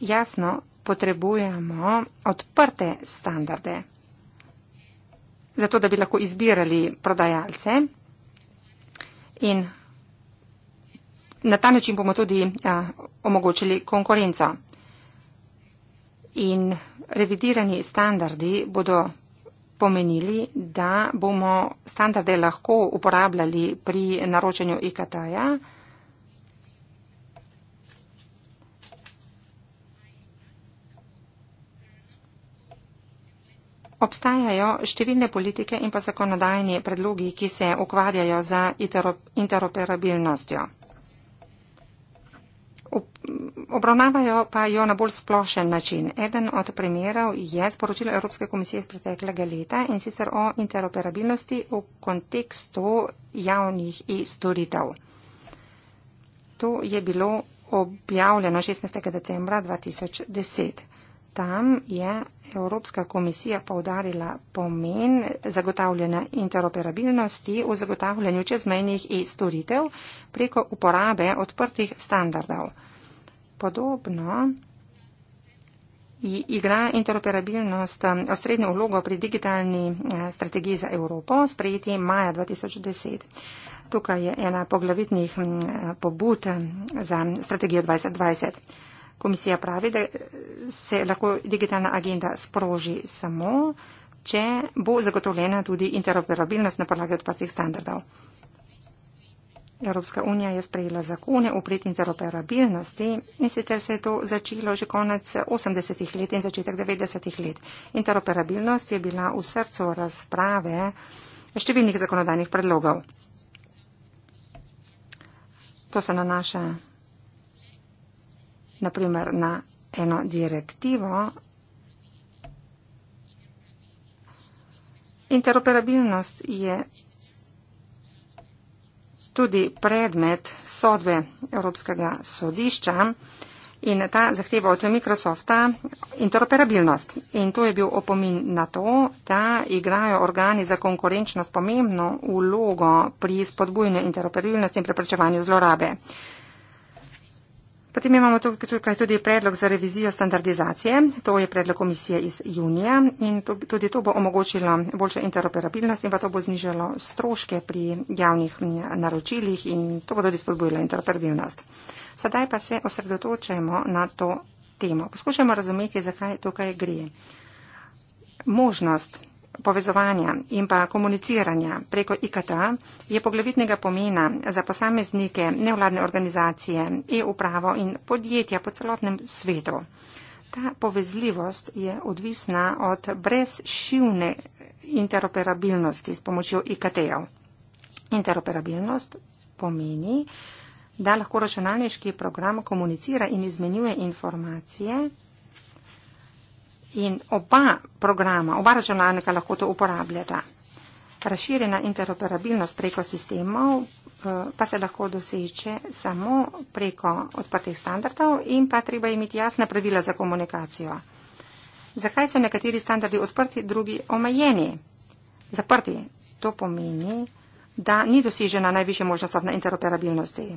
jasno potrebujemo odprte standarde, zato da bi lahko izbirali prodajalce in na ta način bomo tudi a, omogočili konkurenco. In revidirani standardi bodo pomenili, da bomo standarde lahko uporabljali pri naročanju IKT-ja. E -ja, Obstajajo številne politike in pa zakonodajni predlogi, ki se ukvarjajo za interoperabilnostjo. Obravnavajo pa jo na bolj splošen način. Eden od primerov je sporočilo Evropske komisije iz preteklega leta in sicer o interoperabilnosti v kontekstu javnih storitev. To je bilo objavljeno 16. decembra 2010. Tam je Evropska komisija povdarila pomen zagotavljanja interoperabilnosti v zagotavljanju čezmejnih e-storitev preko uporabe odprtih standardov. Podobno igra interoperabilnost um, osrednjo vlogo pri digitalni eh, strategiji za Evropo, sprejeti maja 2010. Tukaj je ena poglavitnih mm, eh, pobud eh, za strategijo 2020. Komisija pravi, da se lahko digitalna agenda sproži samo, če bo zagotovljena tudi interoperabilnost na podlagi odprtih standardov. Evropska unija je sprejela zakone o pred interoperabilnosti in sicer se je to začelo že konec 80-ih let in začetek 90-ih let. Interoperabilnost je bila v srcu razprave številnih zakonodajnih predlogov. To se nanaša naprimer na eno direktivo. Interoperabilnost je tudi predmet sodbe Evropskega sodišča in ta zahteva od Microsofta interoperabilnost. In to je bil opomin na to, da igrajo organi za konkurenčnost pomembno vlogo pri spodbujanju interoperabilnosti in preprečevanju zlorabe. Potem imamo tukaj tudi predlog za revizijo standardizacije. To je predlog komisije iz junija in tudi to bo omogočilo boljšo interoperabilnost in pa to bo znižalo stroške pri javnih naročilih in to bo tudi spodbojilo interoperabilnost. Sedaj pa se osredotočajmo na to temo. Poskušajmo razumeti, zakaj tukaj gre. Možnost povezovanja in pa komuniciranja preko IKT je poglavitnega pomena za posameznike, nevladne organizacije, e-upravo in podjetja po celotnem svetu. Ta povezljivost je odvisna od brezšivne interoperabilnosti s pomočjo IKT-ev. Interoperabilnost pomeni, da lahko računalniški program komunicira in izmenjuje informacije in oba programa, oba računalnika lahko to uporabljata. Razširjena interoperabilnost preko sistemov eh, pa se lahko doseče samo preko odprtih standardov in pa treba imeti jasna pravila za komunikacijo. Zakaj so nekateri standardi odprti, drugi omejeni? Zaprti. To pomeni, da ni dosežena najviše možnost na interoperabilnosti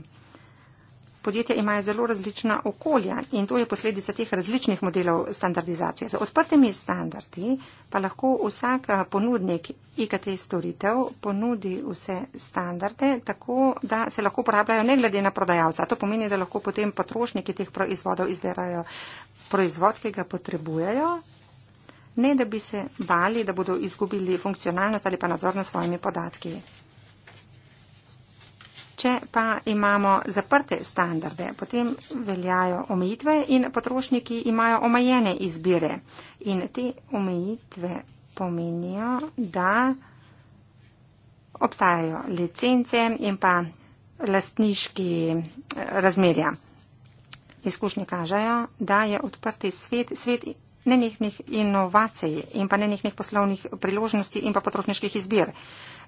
podjetja imajo zelo različna okolja in to je posledica teh različnih modelov standardizacije. Z odprtimi standardi pa lahko vsak eh, ponudnik IKT storitev ponudi vse standarde, tako da se lahko uporabljajo ne glede na prodajalca. To pomeni, da lahko potem potrošniki teh proizvodov izberajo proizvod, ki ga potrebujejo. Ne, da bi se bali, da bodo izgubili funkcionalnost ali pa nadzor nad svojimi podatki. Če pa imamo zaprte standarde, potem veljajo omejitve in potrošniki imajo omejene izbire. In te omejitve pomenijo, da obstajajo licence in pa lastniški eh, razmerja. Izkušnje kažejo, da je odprti svet, svet nenehnih inovacij in pa nenehnih poslovnih priložnosti in pa potrošniških izbir.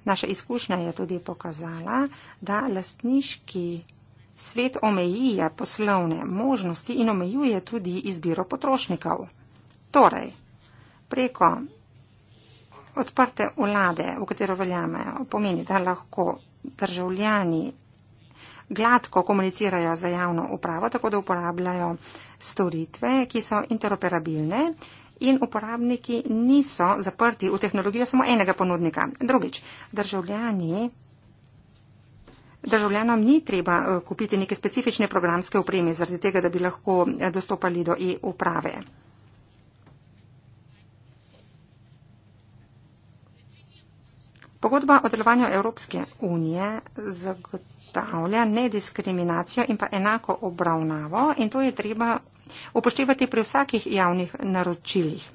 Naša izkušnja je tudi pokazala, da lastniški svet omejuje poslovne možnosti in omejuje tudi izbiro potrošnikov. Torej, preko odprte vlade, v katero veljamejo, pomeni, da lahko državljani gladko komunicirajo za javno upravo, tako da uporabljajo uh, storitve, ki so interoperabilne in uporabniki niso zaprti v tehnologijo samo enega ponudnika. Drugič, državljani. Državljanom ni treba eh, kupiti neke specifične programske opreme zaradi tega, da bi lahko eh, dostopali do e-uprave. Pogodba o delovanju Evropske unije zagotovila zagotavlja nediskriminacijo in pa enako obravnavo in to je treba upoštevati pri vsakih javnih naročilih.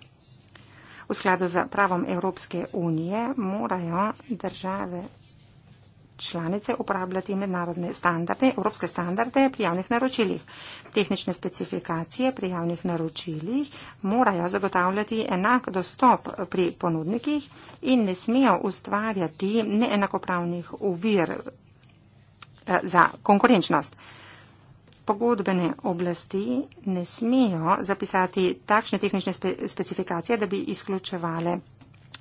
V skladu z pravom Evropske unije morajo države članice uporabljati mednarodne standarde, evropske standarde pri javnih naročilih. Tehnične specifikacije pri javnih naročilih morajo zagotavljati enak dostop pri ponudnikih in ne smejo ustvarjati neenakopravnih uvir Eh, za konkurenčnost. Pogodbene oblasti ne smejo zapisati takšne tehnične spe, specifikacije, da bi izključevale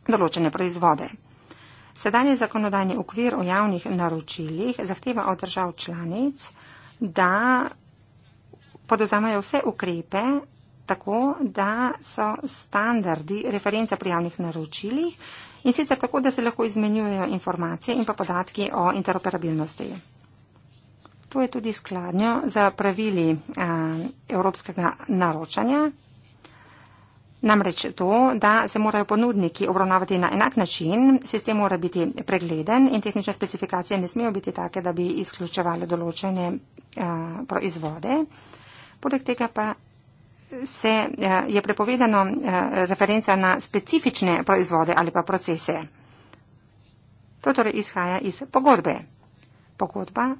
določene proizvode. Sedanje zakonodajni ukvir o javnih naročilih zahteva od držav članic, da podozamajo vse ukrepe tako, da so standardi referenca pri javnih naročilih in sicer tako, da se lahko izmenjujejo informacije in pa podatki o interoperabilnosti. To je tudi skladnjo za pravili a, eh, evropskega naročanja. Namreč to, da se morajo ponudniki obravnavati na enak način, sistem mora biti pregleden in tehnične specifikacije ne smejo biti take, da bi izključevali določene a, eh, proizvode. Poleg tega pa se a, eh, je prepovedano a, referenca na specifične proizvode ali pa procese. To torej izhaja iz pogodbe. Pogodba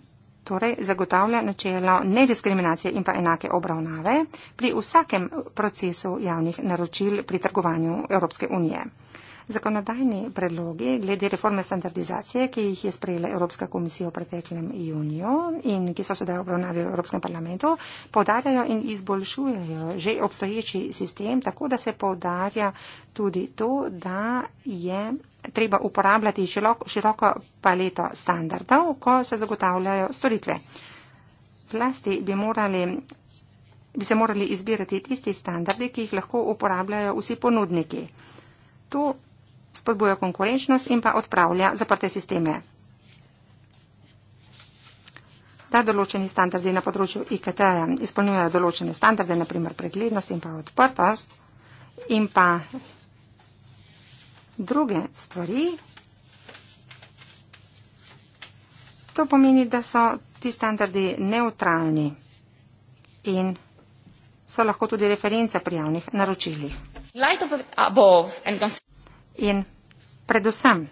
torej zagotavlja načelo nediskriminacije in pa enake obravnave pri vsakem procesu javnih naročil pri trgovanju Evropske unije. Zakonodajni predlogi glede reforme standardizacije, ki jih je sprejela Evropska komisija v preteklem juniju in ki so sedaj obravnavi v Evropskem parlamentu, podarjajo in izboljšujejo že obstoječi sistem, tako da se podarja tudi to, da je treba uporabljati široko, široko paleto standardov, ko se zagotavljajo storitve. Zlasti bi morali bi se morali izbirati tisti standardi, ki jih lahko uporabljajo vsi ponudniki. To spodbuja konkurenčnost in pa odpravlja zaprte sisteme. Da določeni standardi na področju IKT izpolnjujejo določene standarde, naprimer preglednost in pa odprtost in pa druge stvari, to pomeni, da so ti standardi neutralni in so lahko tudi reference pri javnih naročilih. Light above and In predvsem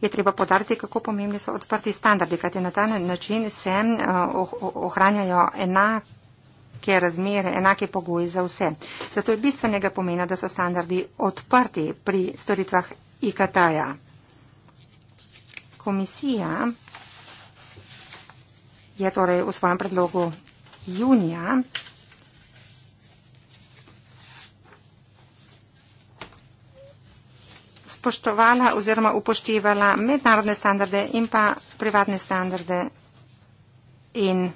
je treba podariti, kako pomembni so odprti standardi, kajti na ta način se eh, oh, oh, ohranjajo enake razmere, enake pogoji za vse. Zato je bistvenega pomena, da so standardi odprti pri storitvah IKT-ja. Komisija je torej v svojem predlogu junija spoštovala oziroma upoštevala mednarodne standarde in pa privatne standarde. In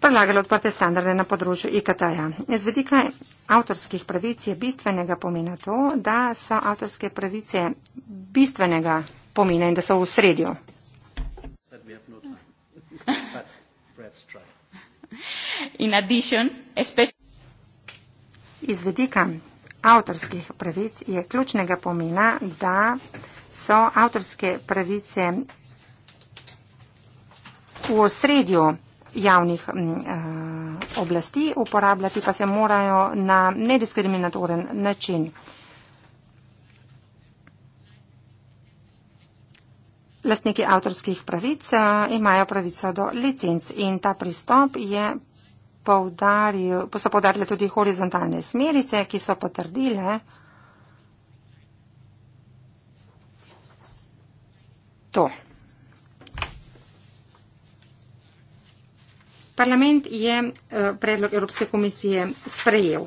predlagali odprte standarde na področju IKT-ja. Z vedika avtorskih pravic je bistvenega pomena to, da so avtorske pravice bistvenega pomena in da so v sredju. In addition, especially... Iz vedika avtorskih pravic je ključnega pomena, da so avtorske pravice v osredju javnih uh, oblasti, uporabljati pa se morajo na nediskriminatoren način. Lastniki avtorskih pravic uh, imajo pravico do licenc in ta pristop je poudaril, so poudarile tudi horizontalne smerice, ki so potrdile, To. Parlament je eh, predlog Evropske komisije sprejel.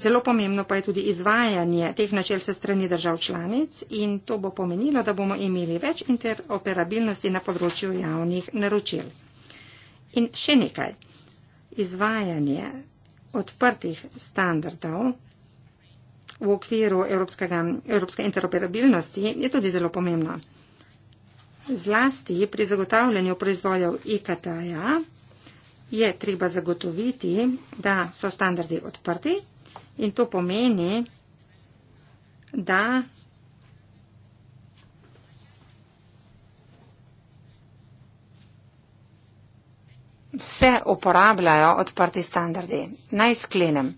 Zelo pomembno pa je tudi izvajanje teh načel se strani držav članic in to bo pomenilo, da bomo imeli več interoperabilnosti na področju javnih naročil. In še nekaj izvajanje odprtih standardov v okviru evropske interoperabilnosti je tudi zelo pomembno. Zlasti pri zagotavljanju proizvojev IKT-ja je treba zagotoviti, da so standardi odprti in to pomeni, da se uporabljajo odprti standardi. Naj sklenem.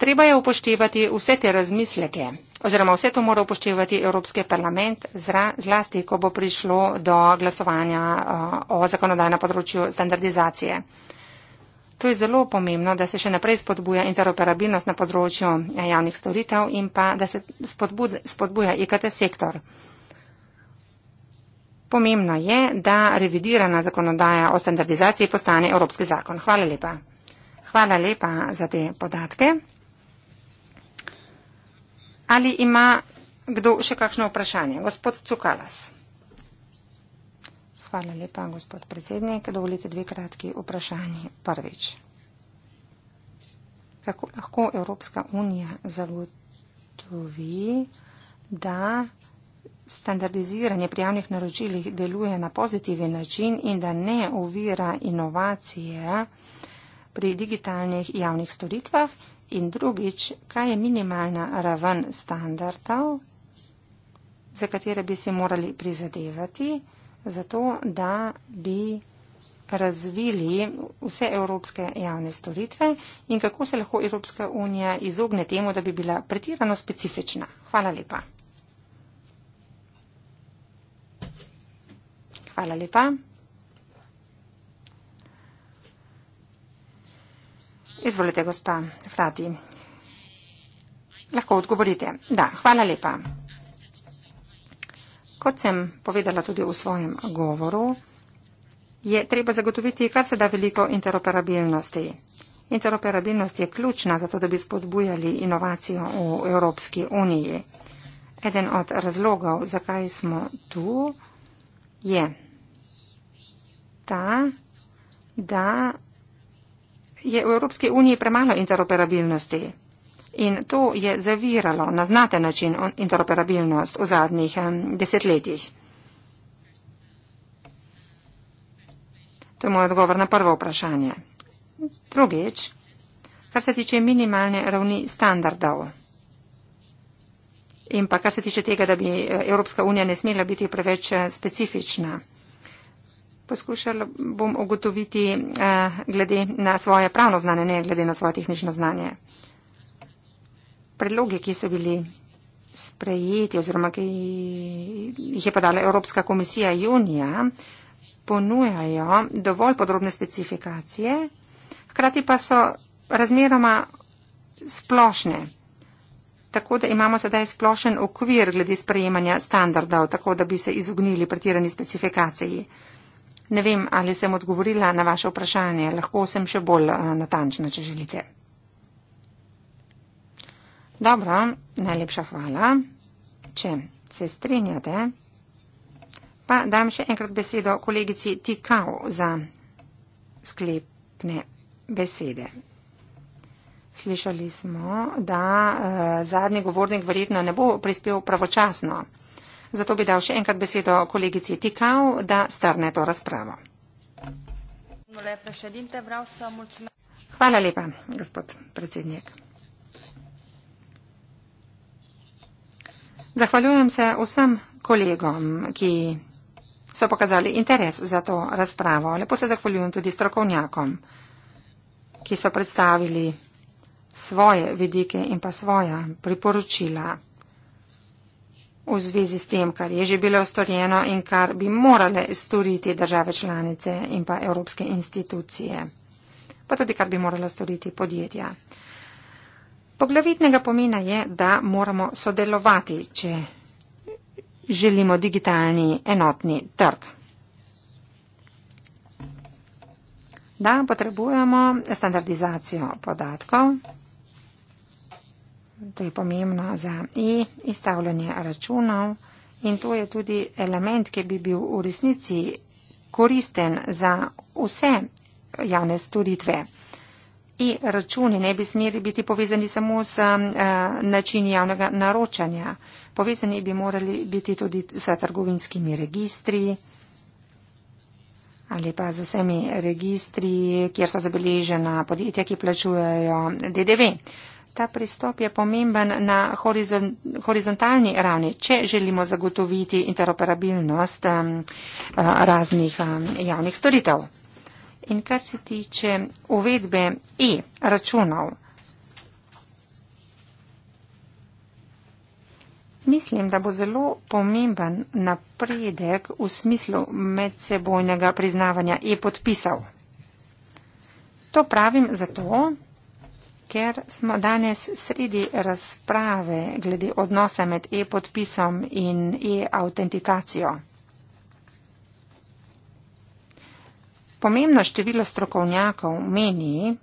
Treba je upoštevati vse te razmisleke oziroma vse to mora upoštevati Evropski parlament, zra, zlasti, ko bo prišlo do glasovanja eh, o, o zakonodajnem področju standardizacije. To je zelo pomembno, da se še naprej spodbuja interoperabilnost na področju eh, javnih storitev in pa da se spodbuja IKT sektor. Pomembno je, da revidirana zakonodaja o standardizaciji postane evropski zakon. Hvala lepa. Hvala lepa za te podatke. Ali ima kdo še kakšno vprašanje? Gospod Cukalas. Hvala lepa, gospod predsednik. Dovolite dve kratki vprašanji. Prvič. Kako lahko Evropska unija zagotovi, da standardiziranje pri javnih naročilih deluje na pozitiven način in da ne ovira inovacije pri digitalnih javnih storitvah. In drugič, kaj je minimalna raven standardov, za katere bi se morali prizadevati, zato da bi razvili vse evropske javne storitve in kako se lahko Evropska unija izogne temu, da bi bila pretirano specifična. Hvala lepa. Hvala lepa. Izvolite, gospa Frati. Lahko odgovorite. Da, hvala lepa. Kot sem povedala tudi v svojem govoru, je treba zagotoviti kar se da veliko interoperabilnosti. Interoperabilnost je ključna za to, da bi spodbujali inovacijo v Evropski uniji. Eden od razlogov, zakaj smo tu, je ta, da je v Evropski uniji premalo interoperabilnosti. In to je zaviralo na znate način interoperabilnost v zadnjih desetletjih. To je moj odgovor na prvo vprašanje. Drugič, kar se tiče minimalne ravni standardov in pa kar se tiče tega, da bi eh, Evropska unija ne smela biti preveč eh, specifična poskušala bom ogotoviti uh, eh, glede na svoje pravno znanje, ne glede na svoje tehnično znanje. Predloge, ki so bili sprejeti oziroma ki jih je podala Evropska komisija junija, ponujajo dovolj podrobne specifikacije, hkrati pa so razmeroma splošne. Tako da imamo sedaj splošen okvir glede sprejemanja standardov, tako da bi se izognili pretirani specifikaciji. Ne vem, ali sem odgovorila na vaše vprašanje. Lahko sem še bolj eh, natančna, če želite. Dobro, najlepša hvala. Če se strinjate, pa dam še enkrat besedo kolegici Tikao za sklepne besede. Slišali smo, da uh, zadnji govornik verjetno ne bo prispel pravočasno. Zato bi dal še enkrat besedo kolegici Tikau, da strne to razpravo. Hvala lepa, gospod predsednik. Zahvaljujem se vsem kolegom, ki so pokazali interes za to razpravo. Lepo se zahvaljujem tudi strokovnjakom, ki so predstavili svoje vidike in pa svoja priporočila v zvezi s tem, kar je že bilo storjeno in kar bi morale storiti države članice in pa evropske institucije, pa tudi kar bi morala storiti podjetja. Poglavitnega pomena je, da moramo sodelovati, če želimo digitalni enotni trg. Da, potrebujemo standardizacijo podatkov. To je pomembno za e-izstavljanje računov in to je tudi element, ki bi bil v resnici koristen za vse javne storitve. E-računi ne bi smeli biti povezani samo s eh, načini javnega naročanja. Povezani bi morali biti tudi s trgovinskimi registri ali pa z vsemi registri, kjer so zabeležena podjetja, ki plačujejo DDV ta pristop je pomemben na horizontalni ravni, če želimo zagotoviti interoperabilnost um, uh, raznih um, javnih storitev. In kar se tiče uvedbe e-računov, mislim, da bo zelo pomemben napredek v smislu medsebojnega priznavanja e-podpisov. To pravim zato, Ker smo danes sredi razprave glede odnosa med e-podpisom in e-autentikacijo. Pomembno število strokovnjakov meni,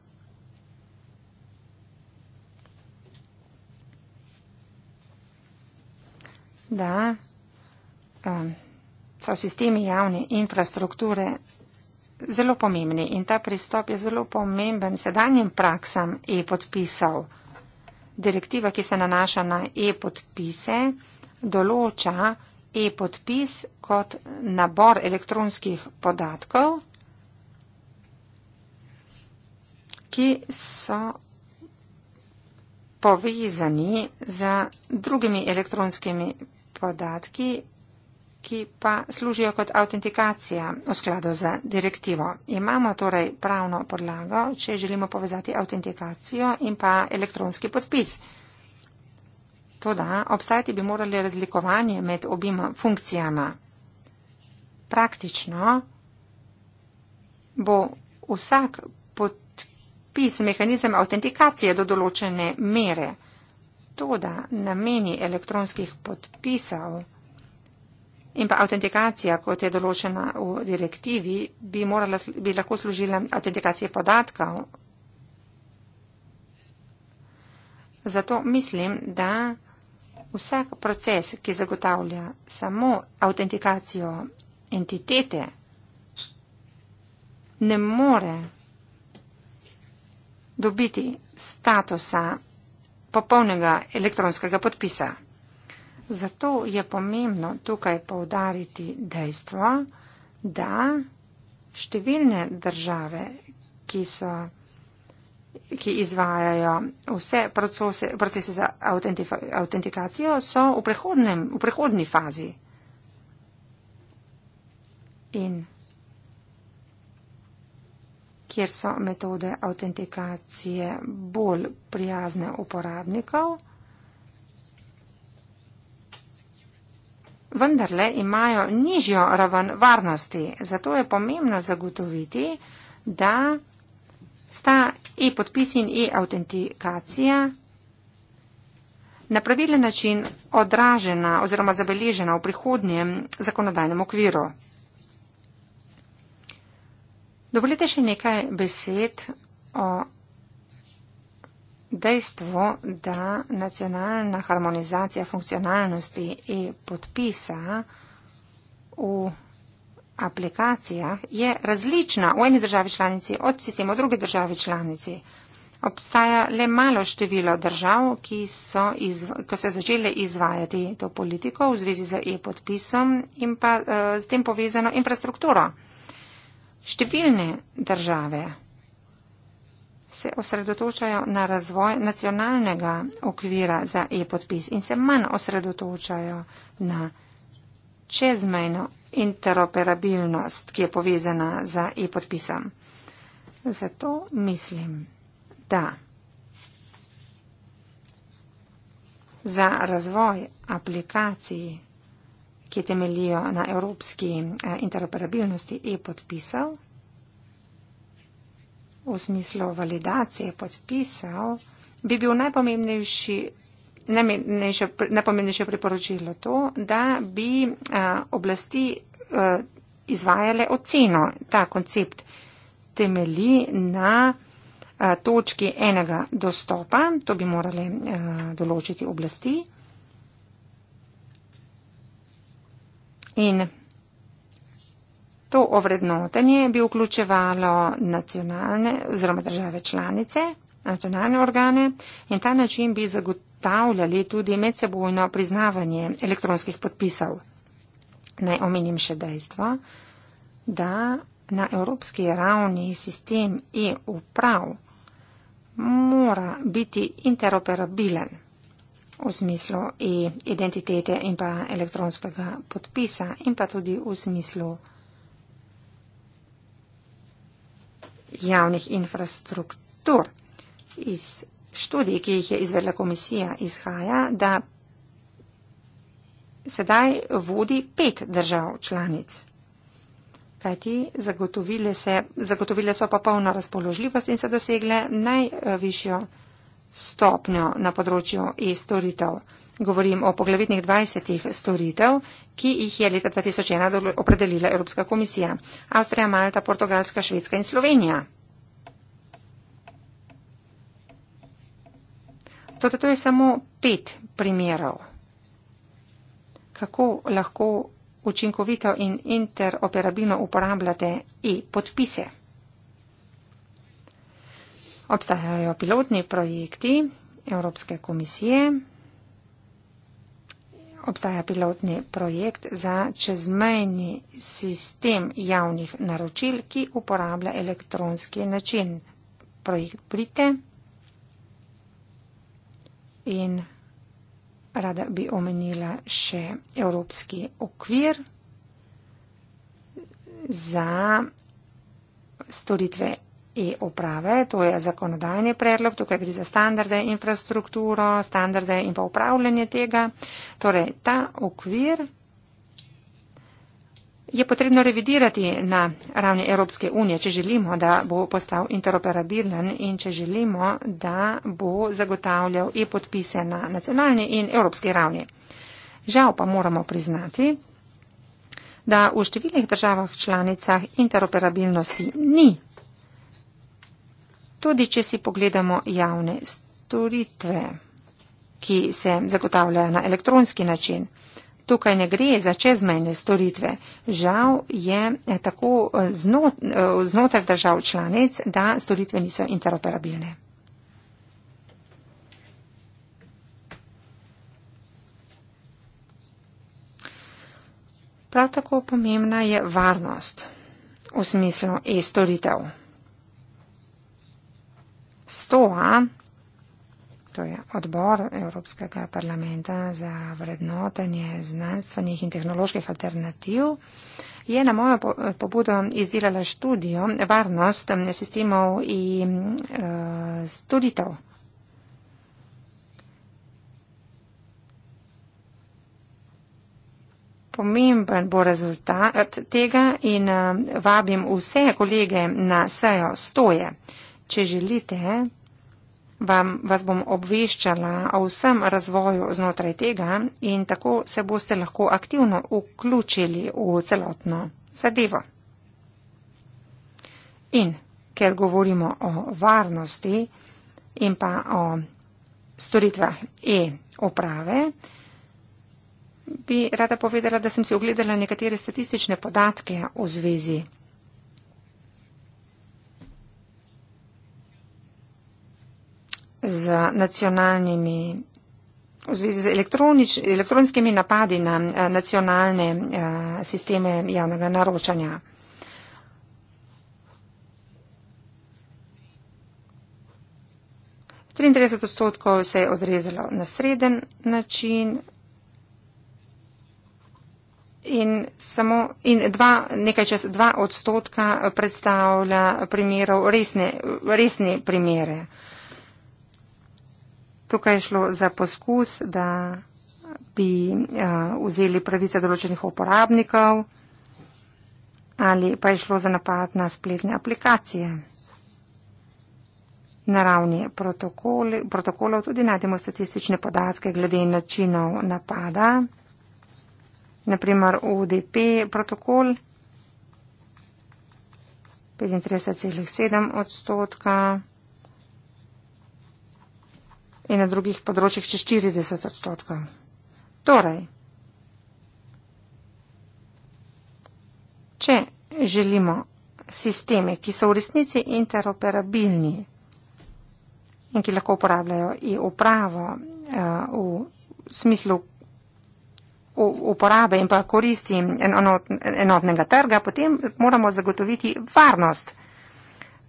da eh, so sistemi javne infrastrukture zelo pomembni in ta pristop je zelo pomemben sedanjem praksam e-podpisov. Direktiva, ki se nanaša na e-podpise, določa e-podpis kot nabor elektronskih podatkov, ki so povezani z drugimi elektronskimi podatki ki pa služijo kot autentikacija v skladu z direktivo. Imamo torej pravno podlago, če želimo povezati autentikacijo in pa elektronski podpis. Toda obstajati bi morali razlikovanje med obima funkcijama. Praktično bo vsak podpis mehanizem autentikacije do določene mere. Toda nameni elektronskih podpisov In pa autentikacija, kot je določena v direktivi, bi, morala, bi lahko služila autentikacije podatkov. Zato mislim, da vsak proces, ki zagotavlja samo autentikacijo entitete, ne more dobiti statusa popolnega elektronskega podpisa. Zato je pomembno tukaj povdariti dejstvo, da številne države, ki, so, ki izvajajo vse procese, procese za autentikacijo, so v, v prehodni fazi. In kjer so metode autentikacije bolj prijazne uporabnikov, vendarle imajo nižjo raven varnosti. Zato je pomembno zagotoviti, da sta e-podpis in e-autentikacija na pravilen način odražena oziroma zabeležena v prihodnjem zakonodajnem okviru. Dovolite še nekaj besed o Dejstvo, da nacionalna harmonizacija funkcionalnosti i podpisa u aplikacijah je različna u eni državi članici od sistema druge državi članici. Obstaja le malo število držav, ki so, izv, ko so začele izvajati to politiko v zvezi z e-podpisom in pa uh, s tem povezano infrastrukturo. Številne države se osredotočajo na razvoj nacionalnega okvira za e-podpis in se manj osredotočajo na čezmejno interoperabilnost, ki je povezana z e-podpisom. Zato mislim, da za razvoj aplikacij, ki temelijo na evropski eh, interoperabilnosti e-podpisov, v smislu validacije podpisal, bi bil najpomembnejši. Najmenejše, najpomembnejše priporočilo je to, da bi a, eh, oblasti a, eh, izvajale oceno. Ta koncept temeli na a, eh, točki enega dostopa, to bi morale a, določiti oblasti. In To ovrednotenje bi vključevalo nacionalne oziroma države članice, nacionalne organe in ta način bi zagotavljali tudi medsebojno priznavanje elektronskih podpisov. Naj omenim še dejstvo, da na evropski ravni sistem e-uprav mora biti interoperabilen v smislu e-identitete in pa elektronskega podpisa in pa tudi v smislu. javnih infrastruktur. Iz študij, ki jih je izvedla komisija, izhaja, da sedaj vodi pet držav članic. Kajti zagotovile, se, zagotovile so pa polno razpoložljivost in so dosegle najvišjo stopnjo na področju e-storitev. Govorim o poglavitnih 20 storitev, ki jih je leta 2001 opredelila Evropska komisija. Avstrija, Malta, Portugalska, Švedska in Slovenija. Toto to je samo pet primerov, kako lahko učinkovito in interoperabilno uporabljate e-podpise. Obstajajo pilotni projekti Evropske komisije, obstaja pilotni projekt za čezmejni sistem javnih naročil, ki uporablja elektronski način. Projekt Prite in rada bi omenila še Evropski okvir za storitve e-oprave. To je zakonodajni predlog, tukaj gre za standarde, infrastrukturo, standarde in pa upravljanje tega. Torej, ta okvir je potrebno revidirati na ravni Evropske unije, če želimo, da bo postal interoperabilen in če želimo, da bo zagotavljal e-podpise na nacionalni in evropski ravni. Žal pa moramo priznati, da v številnih državah članicah interoperabilnosti ni tudi če si pogledamo javne storitve, ki se zagotavljajo na elektronski način. Tukaj ne gre za čezmejne storitve. Žal je eh, tako eh, znot, eh, znotraj držav članic, da storitve niso interoperabilne. Prav tako pomembna je varnost v smislu e-storitev stoa, to je odbor Evropskega parlamenta za vrednotenje znanstvenih in tehnoloških alternativ, je na mojo pobudo izdelala študijo varnost sistemov in uh, storitev. Pomemben bo rezultat tega in eh, vabim vse kolege na sejo stoje. Če želite, vam, vas bom obveščala o vsem razvoju znotraj tega in tako se boste lahko aktivno vključili v celotno zadevo. In ker govorimo o varnosti in pa o storitvah e-oprave, bi rada povedala, da sem si ogledala nekatere statistične podatke v zvezi z nacionalnimi v zvezi z elektronič, elektronskimi napadi na eh, nacionalne eh, sisteme javnega naročanja. Trideset odstotkov se je odrezalo na sreden način in samo in dva, nekaj čez dva odstotka predstavlja primerov resne, resne primere. Tukaj je šlo za poskus, da bi eh, vzeli pravice določenih uporabnikov ali pa je šlo za napad na spletne aplikacije. Na ravni protokolov tudi najdemo statistične podatke glede načinov napada. Naprimer UDP protokol 35,7 odstotka, in na drugih področjih še 40 odstotkov. Torej, če želimo sisteme, ki so v resnici interoperabilni in ki lahko uporabljajo in e upravo uh, eh, v smislu uporabe in pa koristi enotnega trga, potem moramo zagotoviti varnost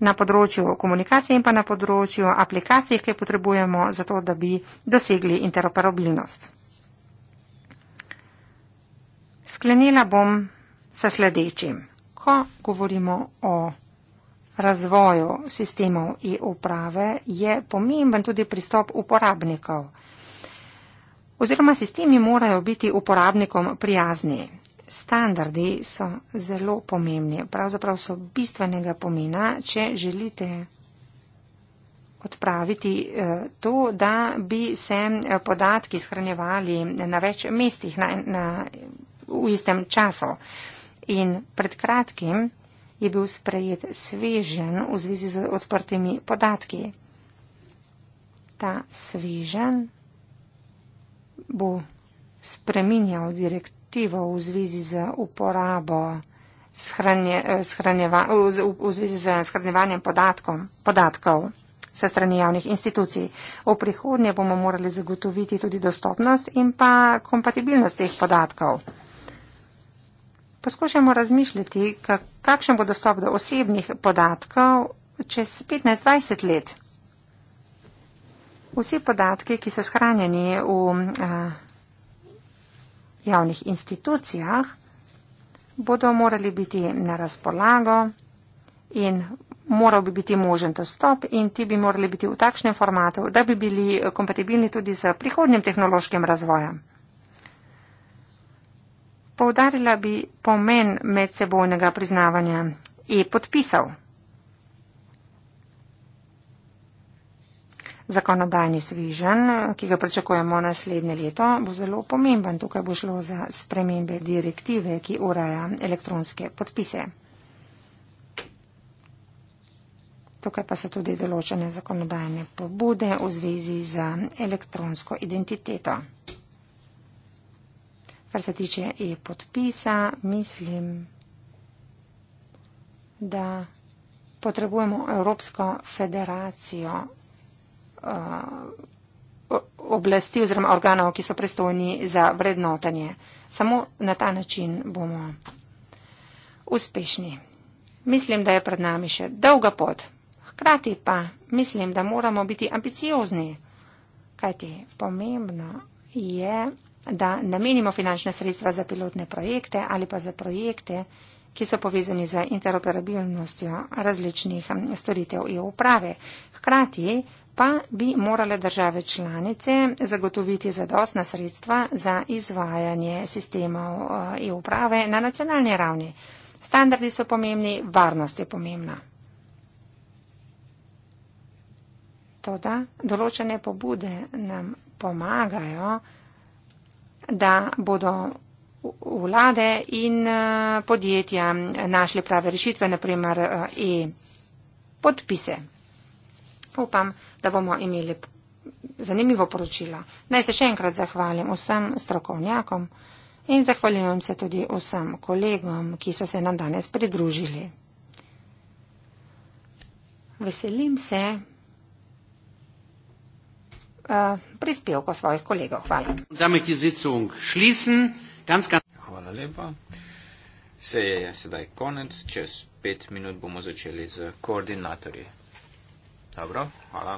na področju komunikacije in pa na področju aplikacij, ki potrebujemo za to, da bi dosegli interoperabilnost. Sklenila bom s sledečim. Ko govorimo o razvoju sistemov in uprave, je pomemben tudi pristop uporabnikov. Oziroma sistemi morajo biti uporabnikom prijazni standardi so zelo pomembni, pravzaprav so bistvenega pomena, če želite odpraviti eh, to, da bi se eh, podatki shranjevali na več mestih na, na, v istem času. In pred kratkim je bil sprejet svežen v zvezi z odprtimi podatki. Ta svežen bo spreminjal direktor direktivo v zvezi z uporabo, shranje, eh, shranjeva, v, v, v zvezi z shranjevanjem podatkom, podatkov se strani javnih institucij. V prihodnje bomo morali zagotoviti tudi dostopnost in pa kompatibilnost teh podatkov. Poskušamo razmišljati, kakšen bo dostop do osebnih podatkov čez 15-20 let. Vsi podatki, ki so shranjeni v. A, eh, javnih institucijah, bodo morali biti na razpolago in moral bi biti možen dostop in ti bi morali biti v takšnem formatu, da bi bili eh, kompatibilni tudi z prihodnjim tehnološkim razvojem. Poudarila bi pomen medsebojnega priznavanja e-podpisov. Zakonodajni svižen, ki ga pričakujemo naslednje leto, bo zelo pomemben. Tukaj bo šlo za spremembe direktive, ki ureja elektronske podpise. Tukaj pa so tudi določene zakonodajne pobude v zvezi z elektronsko identiteto. Kar se tiče e-podpisa, mislim, da potrebujemo Evropsko federacijo Eh, oblasti oziroma organov, ki so pristojni za vrednotanje. Samo na ta način bomo uspešni. Mislim, da je pred nami še dolga pot. Hkrati pa mislim, da moramo biti ambiciozni, kajti pomembno je, da namenimo finančne sredstva za pilotne projekte ali pa za projekte, ki so povezani z interoperabilnostjo različnih storitev EU uprave. Hkrati pa bi morale države članice zagotoviti zadostna sredstva za izvajanje sistemov EU eh, e uprave na nacionalni ravni. Standardi so pomembni, varnost je pomembna. Toda določene pobude nam pomagajo, da bodo vlade in eh, podjetja našli prave rešitve, naprimer eh, e-podpise pa upam, da bomo imeli zanimivo poročilo. Naj se še enkrat zahvalim vsem strokovnjakom in zahvaljujem se tudi vsem kolegom, ki so se nam danes pridružili. Veselim se uh, eh, prispevko svojih kolegov. Hvala. Hvala lepa. Se je sedaj konec, čez pet minut bomo začeli z koordinatorji. Dobro, hvala.